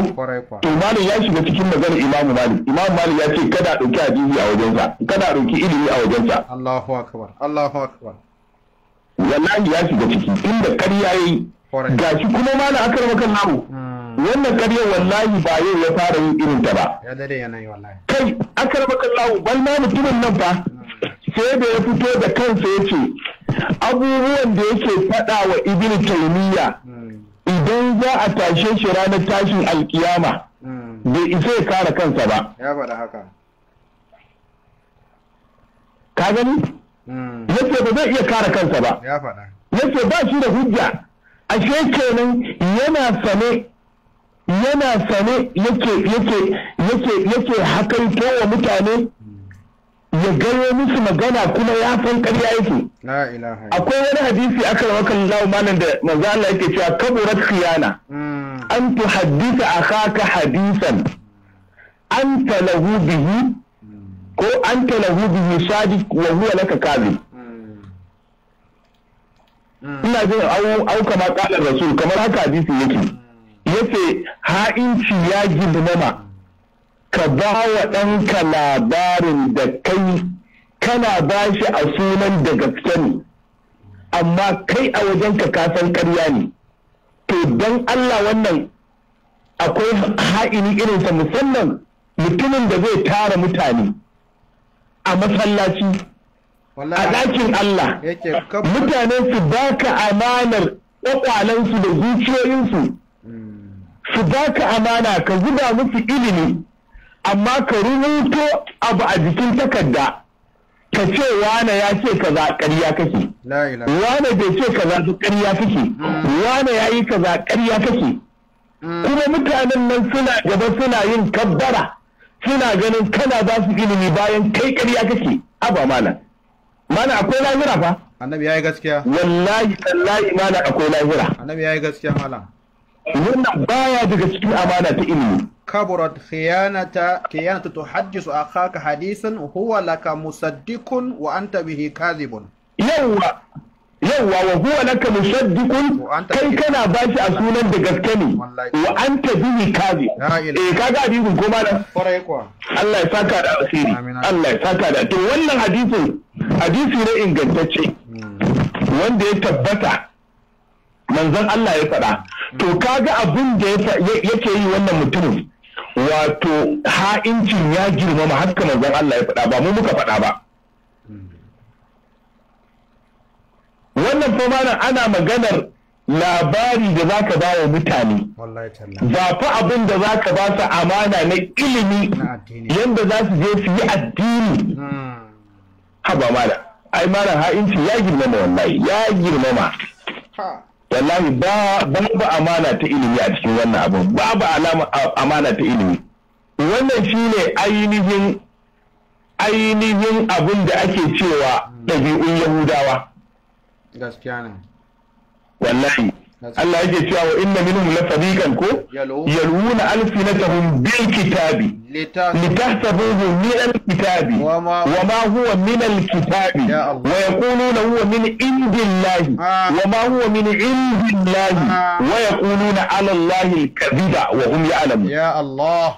to malam ya shiga cikin magana imamu malik imamu malik ya ce kada ɗauki hadisi a wajensa kada ɗauki ilimi a wajensa Allahu akbar Allahu akbar wallahi ya shiga ciki inda ƙarya yayi gashi kuma malam akar makan namu hmm. wannan ƙarya wallahi ba yau ya fara yin irin ta ba kai akar makan namu bal ma mutumin nan fa hmm. sai da ya fito da kansa ya ce abubuwan da yake faɗa wa ibn taymiya hmm. idan za a tashe shi ranar tashin alkiyama hmm. bai isa ya kare kansa ba ya faɗa haka ka gani hmm. yace ba zai iya kare kansa ba ya faɗa yace ba shi da hujja ashe kenan yana sane yana sane yake yake yake yake hakan wa mutane ya gayo musu magana kuma ya san ƙarya yake akwai wani hadisi aka maka lahu malam da mazala yake cewa kaburat khiyana hmm. an a haka hadisan an talahu bihi ko an talahu bihi sadiq wa huwa laka kabi. Hmm. ina jin au kama kalar rasul kamar haka hadisi yake hmm. yace ha'inci ya gidnama ka ba wa ɗanka labarin da kai kana ba shi a sunan da gaske ne amma kai a wajenka ka san karya ne to don Allah wannan akwai ha'ini irinsa musamman mutumin da zai tara mutane a masallaci a ɗakin Allah mutane su baka amanar ƙwaƙwalansu da zuciyoyinsu hmm. su baka amana ka zuba musu ilimi amma ka rubuto abu a jikin takarda ka ce wane ya ce ka za ƙarya kake wane bai ce ka mm. kaza ƙarya kake wane ya yi ka za ƙarya kake kuma mutanen nan suna gaba suna yin kabbara suna ganin kana za su ilimi bayan kai ƙarya kake aba mana mana akwai lahira fa annabi yi gaskiya wallahi mana akwai lahira annabi yi gaskiya malam wannan baya daga cikin amana ta ilimi kaburat khiyanata khiyanata tuhaddisu akhaka hadisan huwa laka musaddiqun wa anta bihi kadhibun Yawwa, yawwa wa huwa laka musaddiqun kai kana bashi a sunan da gaske ne wa anta bihi kadhib eh kaga hadisin ko ba kwarai Allah ya saka da asiri Allah ya saka da to wannan hadisin hadisi ne ingantacce hmm. wanda ya tabbata manzon Allah ya faɗa to kaga abin da yake yi wannan mutumin wato ha'incin ya girmama haska manzon Allah ya faɗa ba mu muka faɗa ba wannan fomanan ana maganar labari da zaka ba wa mutane ba fa abin da zaka ba su amana na ilimi yadda za su je su yi addini hmm. haba mana ai mana ha'inci ya girmama wallahi ya girmama wallahi ba babu amana ta ilimi a cikin wannan abin babu amana ta ilimi wannan shine ainihin ainihin abin da ake cewa ɗabi'un yahudawa gaskiya ne wallahi Allah yake cewa wa inna minhum la sadiqan ko yalwuna alsinatahum bil kitabi litahsabuhu min al kitabi wa ma huwa min al kitabi wa yaquluna huwa min indillahi ah. wa ma huwa min indillahi ah. wa yaquluna ala allahi al kadhiba wa hum ya'lamun ya Allah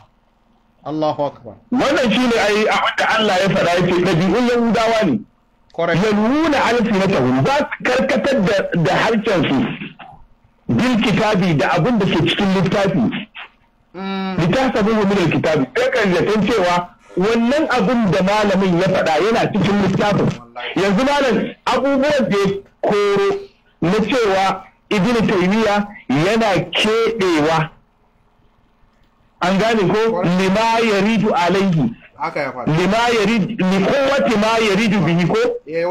Allahu akbar wannan shine ai abin da Allah ya fara yake dabi'un yahudawa ne yalwuna alsinatahum ba karkatar da harshen su bil kitabi da abin da ke cikin littafi mm. littafi min kitabi sai karyatan cewa wannan abin da malamin ya faɗa yana cikin littafin yanzu malam abubuwan da ya koro na cewa ibn taymiya yana keɓewa an gane ko lima ya ridu alaihi haka ya faɗa lima yarid li quwwati ma yaridu bihi ko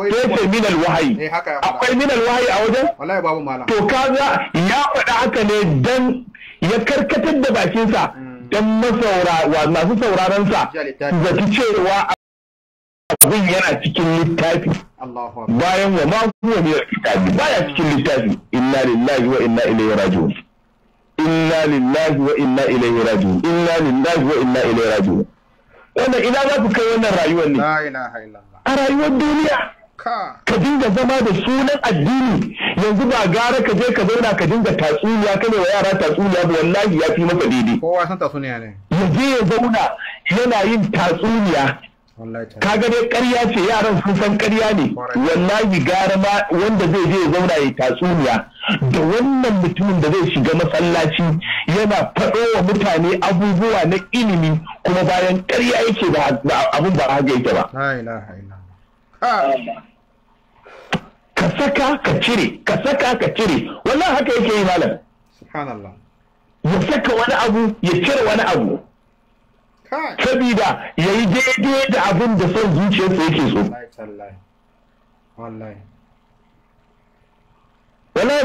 to ce min al wahyi akwai min al wahyi a wajen wallahi babu to kaza ya faɗa haka ne dan ya karkatar da bakinsa hmm. dan masaura masu sauraron sa zaci cewa abin yana cikin littafi bayan wa ma huwa min baya cikin littafi inna lillahi wa inna ilaihi raji'un inna lillahi wa inna ilaihi raji'un inna lillahi wa inna ilaihi raji'un wannan ina za ku kai wannan rayuwar ne a rayuwar duniya ka dinga zama da sunan addini yanzu ba gara ka je ka zauna ka dinga tatsuniya ka wa yara tatsuniya ba wallahi ya fi maka daidai kowa san tatsuniya ne ya je ya zauna yana yin tatsuniya kaga dai karya ce yaran sun san ƙarya ne wallahi gara ma wanda zai je zauna ya tatsuniya da wannan mutumin da zai shiga masallaci yana faɗo wa mutane abubuwa na ilimi kuma bayan ƙarya yake da abun ba haka yake ba ka saka ka cire ka saka ka cire wallahi haka yake yi malam ya saka wani abu ya cire wani abu Sabida ya yi daidai da abin da son zuciyarsa yake so. wallahi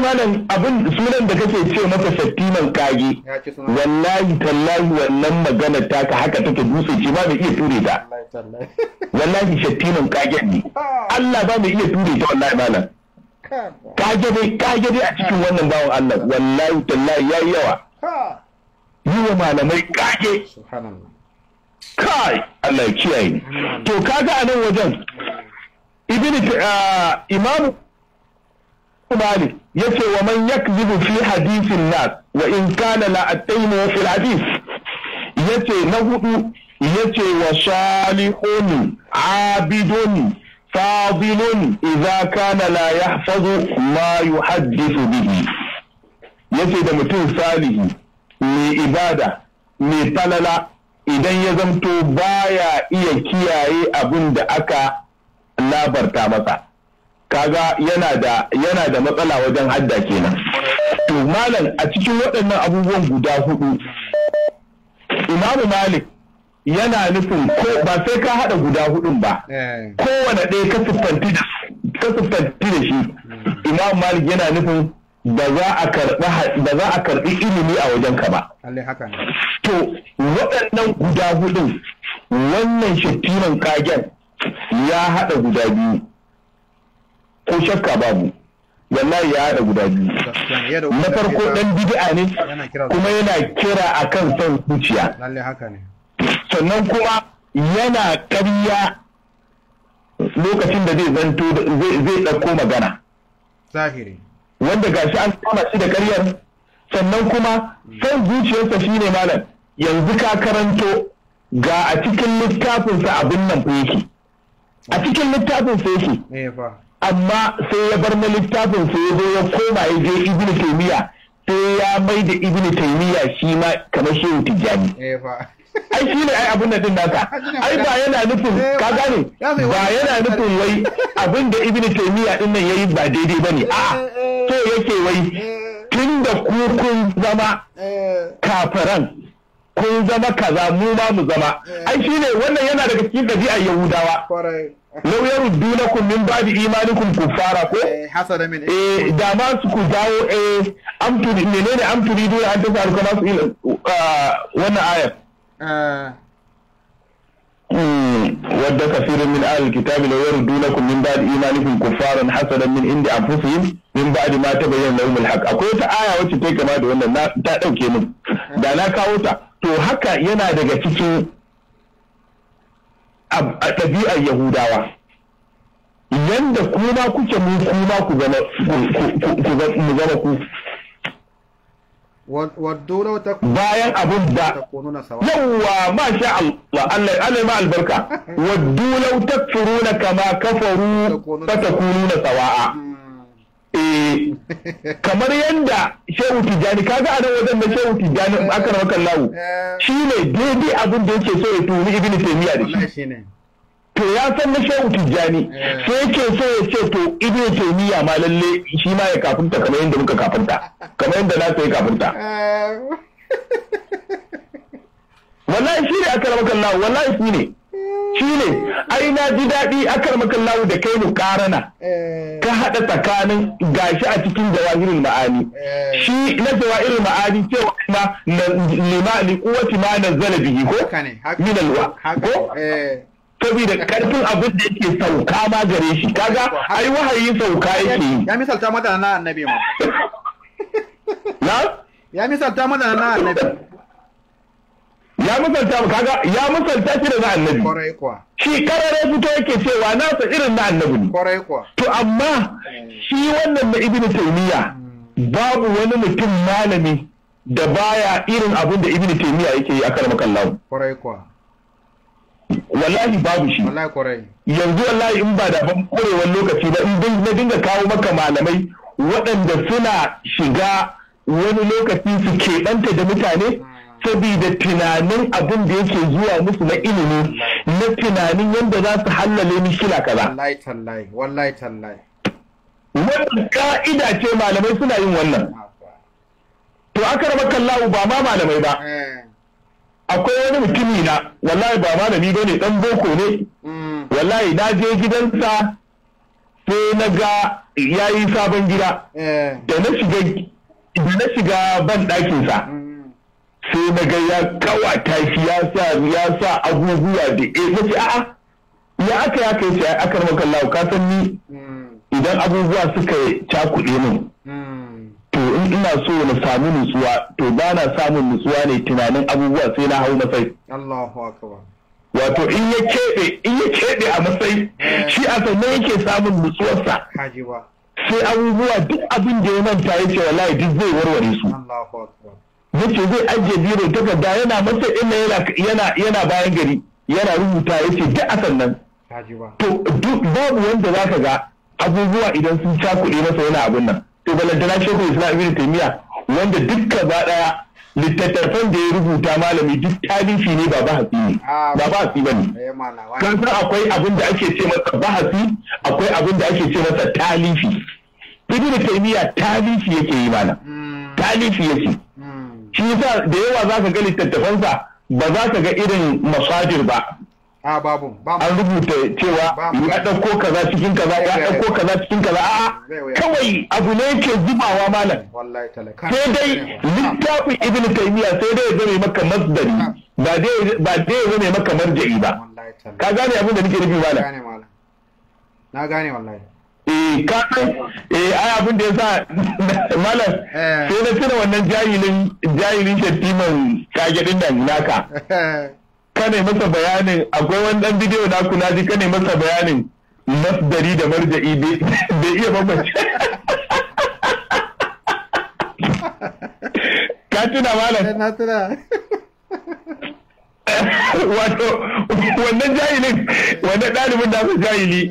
malam abin sunan da kake ce maka Sattinan kage wallahi tallahi wannan magana taka haka take dutse ce ba mai iya ture ta wallahi Sattinan kage ne Allah ba mai iya ture ta wallahi malam kage dai kage dai a cikin wannan bawon Allah wallahi tallahi yayi yawa yi wa malamai kage subhanallah kai Allah ya kiyaye ni to kaga a nan wajen ibn ah, imam ya ce wa man yakzibu fi hadithin nas wa in kana la ataymu fi hadith yace na hudu yace wa salihun abidun fadilun idza kana la yahfazu ma yuhaddithu bihi yace da mutum salihi mai ibada mai falala idan ya zamto baya iya kiyaye abin da aka labarta masa kaga yana da matsala wajen hadda kenan to malam a cikin waɗannan abubuwan guda hudu imamu malik yana nufin ko ba sai ka haɗa guda hudun ba eh. kowane ɗaya ka siffanti da shi hmm. imam malik yana nufin da za a karɓi ilimi a wajen ka ba to waɗannan guda hudun wannan shattiman kagen ya haɗa guda biyu ko shakka babu wallahi ya haɗa guda biyu na farko ɗan bid'a ne kuma yana kira akan son zuciya sannan kuma yana ƙarya lokacin da zai zai ɗauko magana zahiri wanda gashi an kama shi da ƙaryar sannan kuma son zuciyarsa shine malam yanzu ka karanto ga a cikin littafinsa abin nan ko yake a cikin littafinsa yake amma sai ya bar na littafinsa ya zo ya koma ya je ibnu taymiya sai ya mai da ibnu taymiya shi ma kamar shehu tijjani ai shi ne ai abin da din nasa ai ba yana nufin eh, ka gane ba yana nufin wai abin da ibnu taymiya din nan yayi ba daidai bane eh, a'a to eh. yake wai tun da ku kun zama kafiran kun zama kaza mu ma mu zama ai shi ne wannan yana daga cikin dabi'ar yahudawa lau ya rubu na kun min babi imanikun fara ko eh da ma su ku dawo eh amtu menene amtu ridu an tafi alkama su uh, wannan ayar wadda kafirin min ahal kitabi na wani dunakun min ba da imanikun kufarin hasarar min inda an fusu yin min ba da mata bayan laumul haka akwai wata aya wacce ta yi kama da wannan ta dauke min da na kawo ta to haka yana daga cikin a tabi'ar yahudawa yadda kuma kuke mu kuma ku zama ku bayan abin da yawwa ma sha Allah Allah ma albarka waddu law takfuruna kama kafaru fatakununa sawa'a hmm. eh kamar yadda Shehu Tijani kaga anan wajen da Shehu Tijani aka rawa kallahu eh. shine daidai abin da yake so ya tuni Ibn Taymiyyah da shi to ya san na shehu tijjani eh. sai yake so ya ce to ibn taymiya ma lalle shi ma ya kafinta kamar yadda muka kafinta kamar yadda na sai kafinta eh. wallahi shi ne akara makan lawo wallahi shi ne shi ne ai na ji daɗi akara makan lawo da kai mu karana eh. ka haɗa tsakanin gashi a cikin jawahirin ma'ani shi na jawahirin ma'ani cewa ma lima liquwati ma nazzala bihi ko min alwa ko saboda karfin abin da yake sauka ma gare shi kaga ai wahayi sauka yake yi ya misalta mata na annabi ma na ya misalta mata na annabi ya misalta kaga ya misalta shi da na annabi kwarai kuwa shi karare fito yake cewa nasa irin na annabi ne kwarai kuwa to amma shi wannan na ibnu taymiya babu wani mutum malami da baya irin abin da ibnu taymiya yake yi a karamakan lawo kwarai kuwa wallahi babu shi yanzu wallahi in ba da ban lokaci ba in na dinga kawo maka malamai waɗanda suna shiga wani lokaci su keɓanta da mutane saboda tunanin abin da yake zuwa musu na ilimi na tunanin yadda za su hallale mishila kaza wannan ka'ida ce malamai suna yin wannan to aka raba kallahu ba ma malamai ba eh. akwai wani mutumi na wallahi ba malami bane dan boko ne mm. wallahi na je gidansa sai na ga yayi sabon gida eh. da na shiga da na shiga ban sa mm. sai na ga ya kawata shi ya sa ya sa abubuwa da eh na ce a'a ya aka ya kai shi aka maka Allah ka san ni mm. idan abubuwa suka cakuɗe min ina so na samu nutsuwa to ba na samun nutsuwa ne tunanin abubuwa sai na hau masai Allahu wato in ya keɓe in ya keɓe a masai shi a sannan yake samun nutsuwarsa sai abubuwa duk abin da ya manta ya ce wallahi duk zai warware su yace zai ajiye biro takarda yana masa na yana bayan gari yana rubuta yace duk a sannan to duk babu wanda zaka ga abubuwa idan sun cakuɗe masa yana abin nan to balantana shehu islam ibn taimiya wanda dukka ba daya littattafan da ya rubuta malami duk tarihi ne ba bahasi ne ah, ba bahasi ba ne eh, kan san akwai abin da ake ce masa bahasi akwai abin da ake ce masa talifi ibn taymiya talifi yake yi mana hmm. talifi yake hmm. shi yasa da yawa zaka ga littattafansa ba za ka ga irin masajir ba a babu an rubuta cewa ya ɗauko kaza cikin kaza ya ɗauko kaza cikin kaza a kawai abu ne yake zubawa malam sai dai littafin ibn taymiya sai dai zama zame maka masdari ba dai ba dai ya maka marja'i ba ka gane abin da nake nufi malam na gane wallahi eh ka eh ai abin da yasa malam eh. sai na tuna wannan jahilin jahilin shattiman kage din nan naka kane masa bayanin akwai wani dan bidiyo na kula ji kane masa bayanin masdari da marja'i bai iya bambance ka tuna malam na tuna wato wannan jahilin wannan ɗalibin da jahili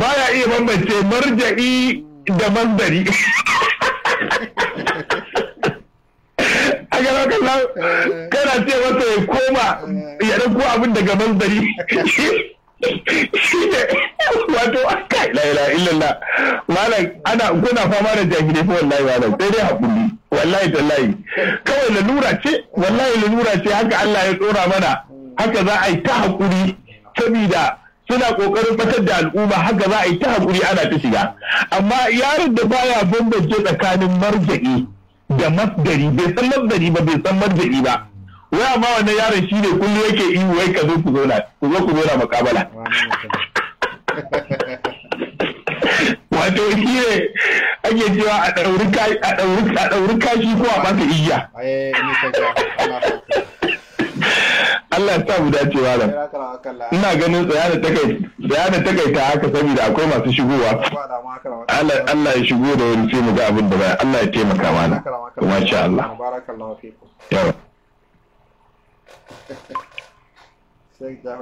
baya iya bambance marja'i da masdari a gara kallon kana ce masa ya koma ya ɗauko abin daga manzari shine wato kai la ilaha illallah malam ana kuna fama da jahilai fa wallahi malam sai dai hakuri wallahi tallahi kawai lalura ce wallahi lalura ce haka Allah ya tsora mana haka za a yi ta hakuri saboda suna kokarin fatar da al'umma haka za a yi ta hakuri ana ta shiga amma yaron da baya bambance tsakanin marja'i da masdari bai san masdari ba bai san masdari ba wai amma wannan yaron shi ne kullum yake ihu wai ka zo ku zauna ku zo ku zauna mukabala wato shi ne ake cewa a ɗauri kashi ko a ɓata igiya Allah ya sa mu dace da ina ganin tsayana takai tsayana takaita haka saboda akwai masu shigowa Allah Allah ya shigo da wani sai mu ga abin da bai Allah ya taimaka mana kuma sha Allah barakallahu yawa sai da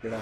对吧？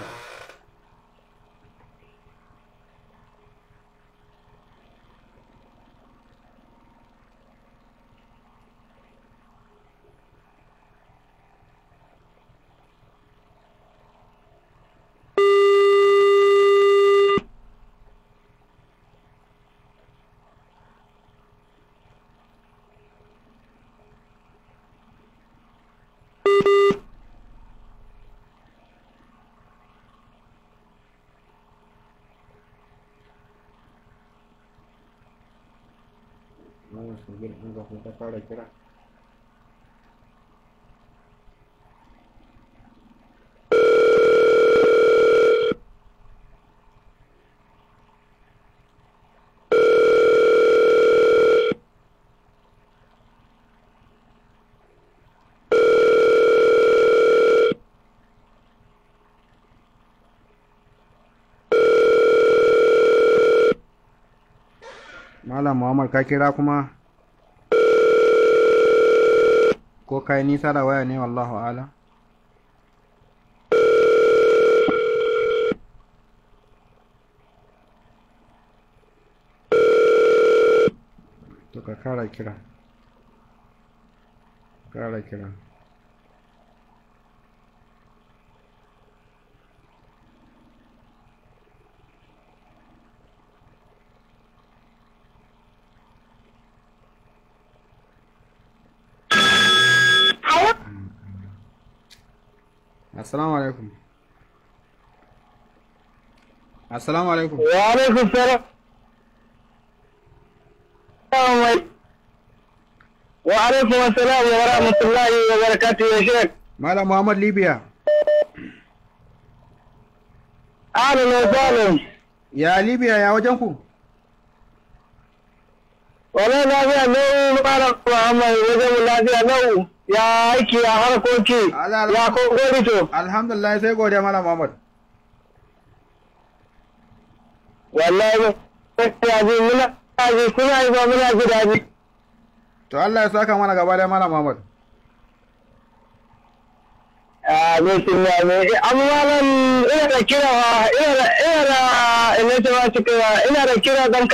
no para esperar. Malam Muhammad que ko kai nisa da waya ne wallahu ala to ka kara kira kara kira assalamu alaikum assalamu alaikum wa alaikum salam wa alaikum assalam wa rahmatullahi wa barakatuh ya shek malam muhammad libya Alin Osalin. Ya Libya ya wajen ku? Wale lafiya nau, Malam Muhammad wajen lafiya nau. ya aiki a harkoki ya kogori to alhamdulillah sai godiya malam Muhammad wallahi ya ji kuna yi ba ji to Allah saka mana gaba da malam Muhammad amin sunna ne amma nan ina da kira ina da ina da ba kira dan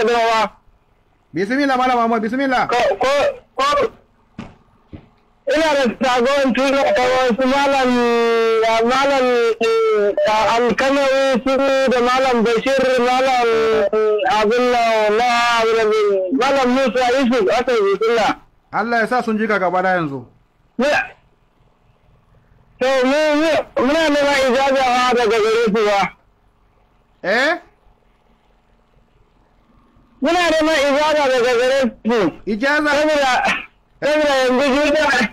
bismillah malam Muhammad bismillah ko ko ina da tagon tuna ta wasu malam malam alkanawi su da malam bashir malam Abdullahi, na malam musa Isu, aka yi suna allah ya sa sun ji gaba da yanzu to muna nema ijazawa daga gare su ba eh muna nema ijaza daga gare su ijaza saboda yanzu jirgin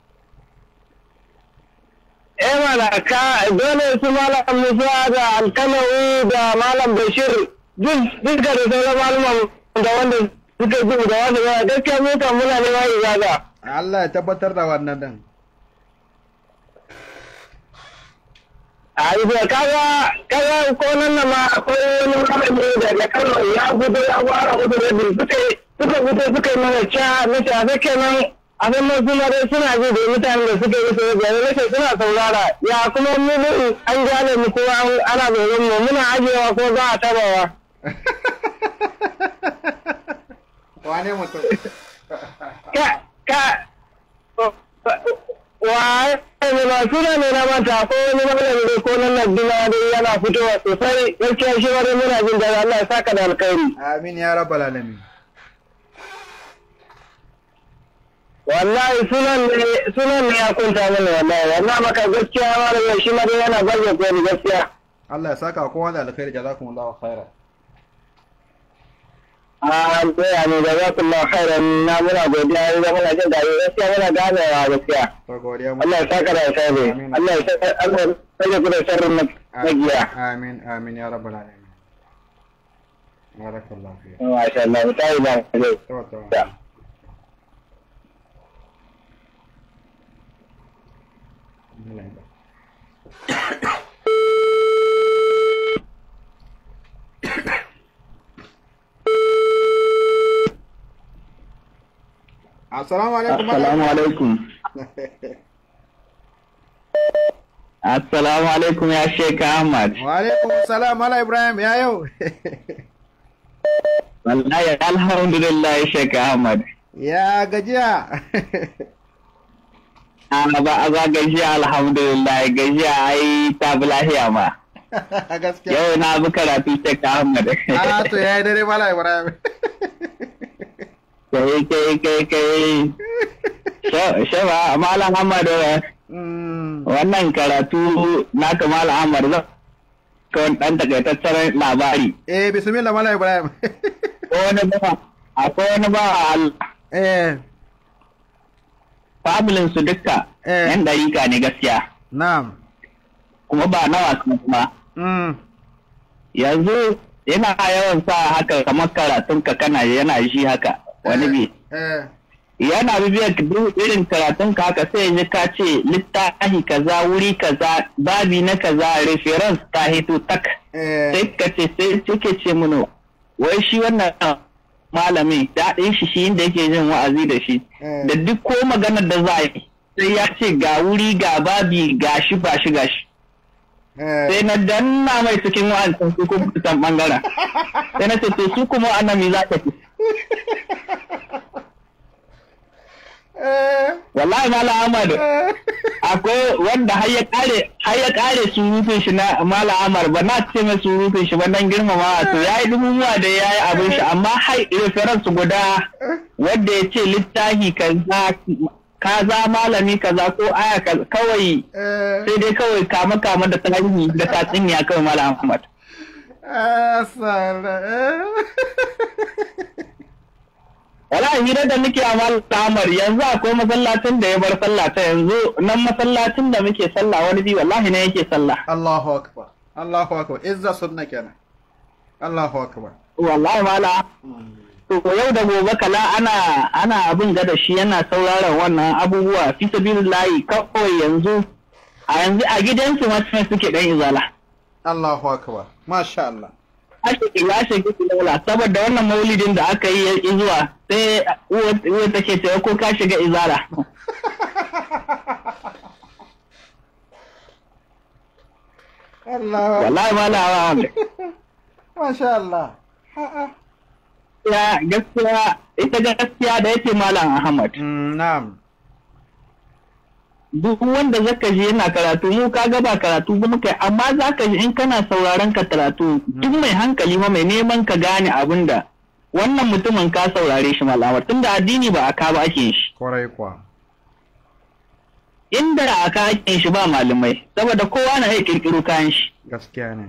Ewa eh, da ka dole su malam Musa da alkalawi da malam Bashir duk da sauran malaman da wanda suka ji da wasu yawa gaskiya mun kan muna neman ijaza. Allah ya tabbatar da wannan din. a ido kaga kaga ko nan ma akwai wani malami daga Kano ya gudu ya fara gudu da suka suka gudu suka yi mana cha na cha kenan abin masu kuma suna ji da mutane da suke yi sai gari nake suna saurara ya kuma mu an gane mu kuma ana zaben mu muna ajewa ko za a tabawa wane mutum ka ka wa ne ba suna ne na manta ko wani malami ne ko nan lardina dai yana fitowa sosai yake shi wani muna jin daga Allah ya saka da alkhairi amin ya rabbal alamin wallahi sunan ne sunan ne ya kunta mana wallahi wallahi maka gaskiya malam shi ma yana bayyana ko ni gaskiya Allah ya saka kowa da alkhairi jazakumullahu khairan a tsaya ne da zaku Allah khairan na muna godiya da muna jin daɗi gaskiya muna ganewa gaskiya Allah ya saka da alkhairi Allah ya saka Allah ya saka da sharrin magiya amin amin ya rabbal alamin بارك الله فيك. ما شاء الله. طيب. não lembro. Assalamu alaikum. Assalamu alaikum. alaikum ya Sheikh Ahmad. Wa alaikum salam Mala Ibrahim ya yau. Wallahi alhamdulillah Sheikh Ahmad. Ya gajiya. ba a za gajiya alhamdulillah gajiya ai ta bi lahiya ma yau na bi karatu shek ahmad a ah, to ya yi dare mala ibrahim kai kai kai kai shaba mala ahmad eh. mm. wannan karatu na kamala ahmad zan kawai dan takaitaccen labari eh bismillah mala ibrahim ko wani ba akwai wani ba Allah eh familin su dukka eh. yan ɗarika ne gaskiya na'am kuma ba nawa su kuma mm. yanzu yana yawan sa haka kamar karatun ka kana yana shi haka wani bi eh, eh. yana bibiyar duk irin karatun ka haka sai yanzu ka ce littafi kaza wuri kaza babi na kaza reference ta hito tak sai ka ce sai cike ce wai shi wannan malamin daɗin shi shi inda yake jin wa'azi da shi eh. da duk ko maganar da za yi sai ya ce ga wuri ga babi ga shi ba shi ga shi eh. sai na danna mai cikin wa'ancin su kuma bangaren sai na ce to su kuma annan me za ka fi. wallahi mala amadu akwai wanda har ya kare har ya kare shi na mala amar ba na ce mai surufin shi ba dan girmama to yayi dubuwa da yayi abin shi amma har reference guda wanda ya ce littafi kaza kaza malami kaza ko aya kawai sai dai kawai kama kama da tarihi da tatsuniya kawai mala amar wala hira da muke a mal'amar yanzu akwai masallacin da ya bar sallah ta yanzu nan masallacin da muke sallah wani bi wallahi ne yake sallah Allahu akbar Allahu akbar izza sunna kenan Allahu akbar wallahi mala to yau da gobe kala ana ana abin ga da shi yana sauraron wannan abubuwa fi sabilillahi kawai yanzu a yanzu a gidansu ma suke dan izala Allahu akbar masha Allah ya shiga izala saboda wannan maulidin da aka yi ya zuwa sai uwa take cewa ko ka shiga izara Allah wallahi ma na Masha Allah ya gaskiya ita gaskiya da yake malam Ahmad mm, na'am duk wanda zaka ji yana karatu mu ga ba karatu ba muka amma zaka ji in kana sauraron ka karatu duk mai hankali ma mai neman ka gane abinda wannan mutumin ka saurare shi malamar tunda addini ba aka ba ake shi kwarai kwa inda aka ake shi ba malamai saboda kowa na iya kirkiro kayan shi gaskiya ne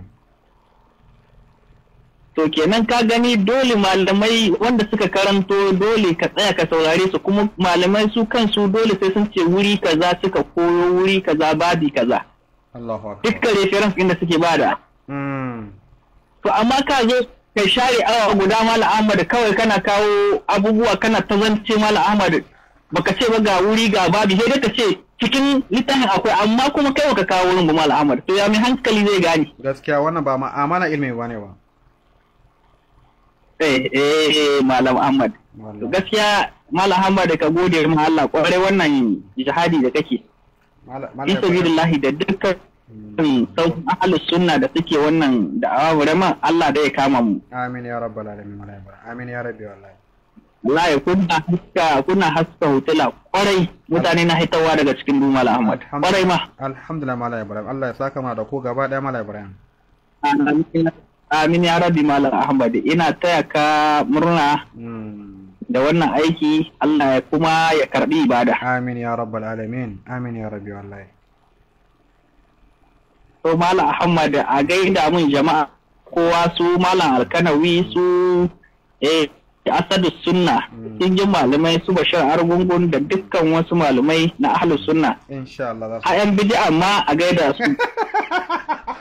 to kenan ka gani dole malamai wanda suka karanto dole ka tsaya ka saurare su kuma malamai su kansu dole sai sun ce wuri kaza suka koyo wuri kaza babi kaza dukkan reference inda suke bada hmm. to amma ka zo ka share awa guda mala ahmad kawai kana kawo abubuwa kana ta zance mala ahmad baka ce ba ga wuri ga babi sai ka ce cikin littafin akwai amma kuma kai ka kawo wurin ba mala ahmad to ya mai hankali zai gane gaskiya wannan ba ma'amala ilmi ne ba Eh, eh malam Ahmad to gaskiya malam Ahmad ka gode ma Allah kwarai wannan jihadi da kake fi sabilillahi da dukkan hmm. sauƙin ahlus sunna da suke wannan da awa vraiment Allah da ya kama mu amin ya rabbal alamin amin ya rabbi wallahi wallahi kuna haska kuna haska hotela kwarai mutane na haitawa daga cikin duma Ahmad kwarai ma alhamdulillah malai Ibrahim Allah ya saka mana da ko gaba daya malai Ibrahim amin Amin ya rabi Malam Ahmad ina taya ka murna da wannan aiki Allah ya kuma ya karbi ibada. Amin ya rabbal alamin. Amin ya rabbi wallahi. To Malam Ahmad a gaida mun jama'a kowa su Malam Alkanawi su eh asadu sunna kin hmm. ji malamai su bashar argungun da dukkan wasu malamai na ahlus sunna insha Allah a yan bid'a amma a gaida su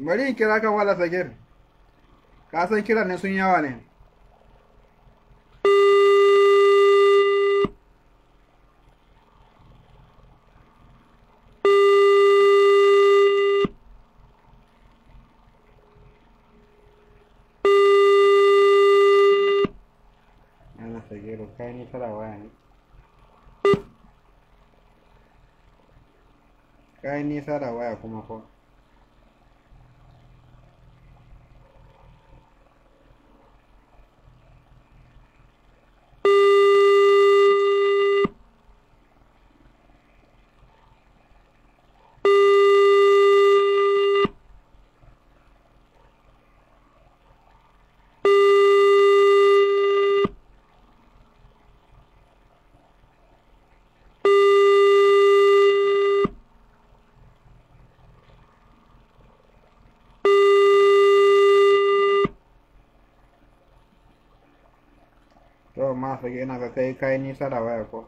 bari in kira kan wala sagir ka san kiran ne sun yawa ne kayan nisa da waya kuma ko rage ka ga kai kai da waya ko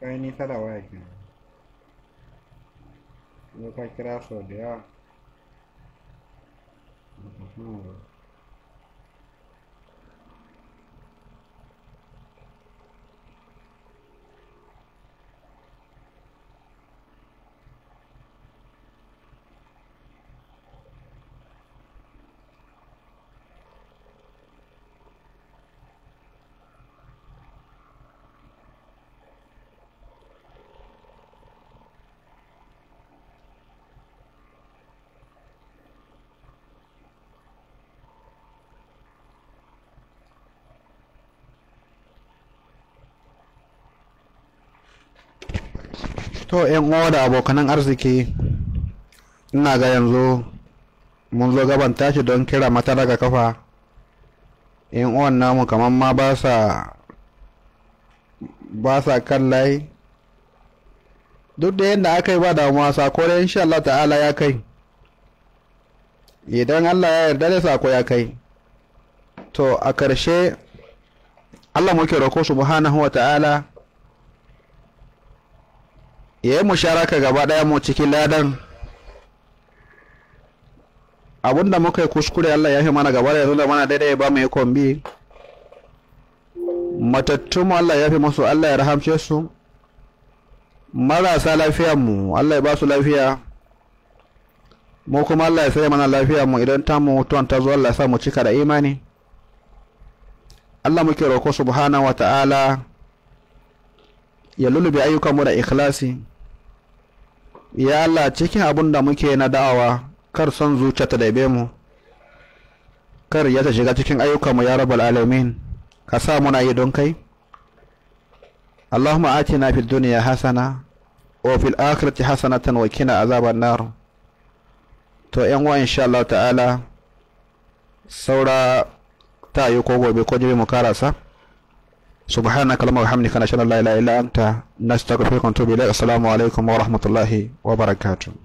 kai nisa da waya ke ne ka kira sau da yawa to yan uwa da abokanan arziki ina ga yanzu mun zo gaban tashi don kira mata daga kafa yan uwan namu kamar ma ba sa ba sa kan layi duk da yadda aka yi ba damuwa sako da insha Allah ta'ala ya kai idan Allah ya yarda da sako ya kai to a ƙarshe Allah muke roƙo subhanahu wa ta'ala ya yi musharaka gaba ɗaya mu cikin ladan abinda muka yi kuskure Allah ya fi mana gaba da yanzu da mana daidai ba mu yi kombi mu Allah ya fi musu Allah ya rahamce su marasa mu Allah ya ba su lafiya mu kuma Allah ya sai mana mu idan ta mu mutuwan ta zo Allah ya sa mu cika da imani Allah muke roƙo subhanahu wa ta'ala ya lulluɓe ayyukanmu da ikhlasi ya Allah cikin abin da muke na da'awa kar son zuciya ta daibe mu kar ya ta shiga cikin ayyukanmu ya rabu alamin ka sa muna yi don kai Allahumma atina fid dunya hasana wa fil akhirati hasanatan wa kina azaban nar to yan wa insha Allah ta'ala saura ta yi ko gobe ko jibi mu karasa سبحانك اللهم وبحمدك نشهد ان لا اله الا انت نستغفرك ونتوب اليك السلام عليكم ورحمه الله وبركاته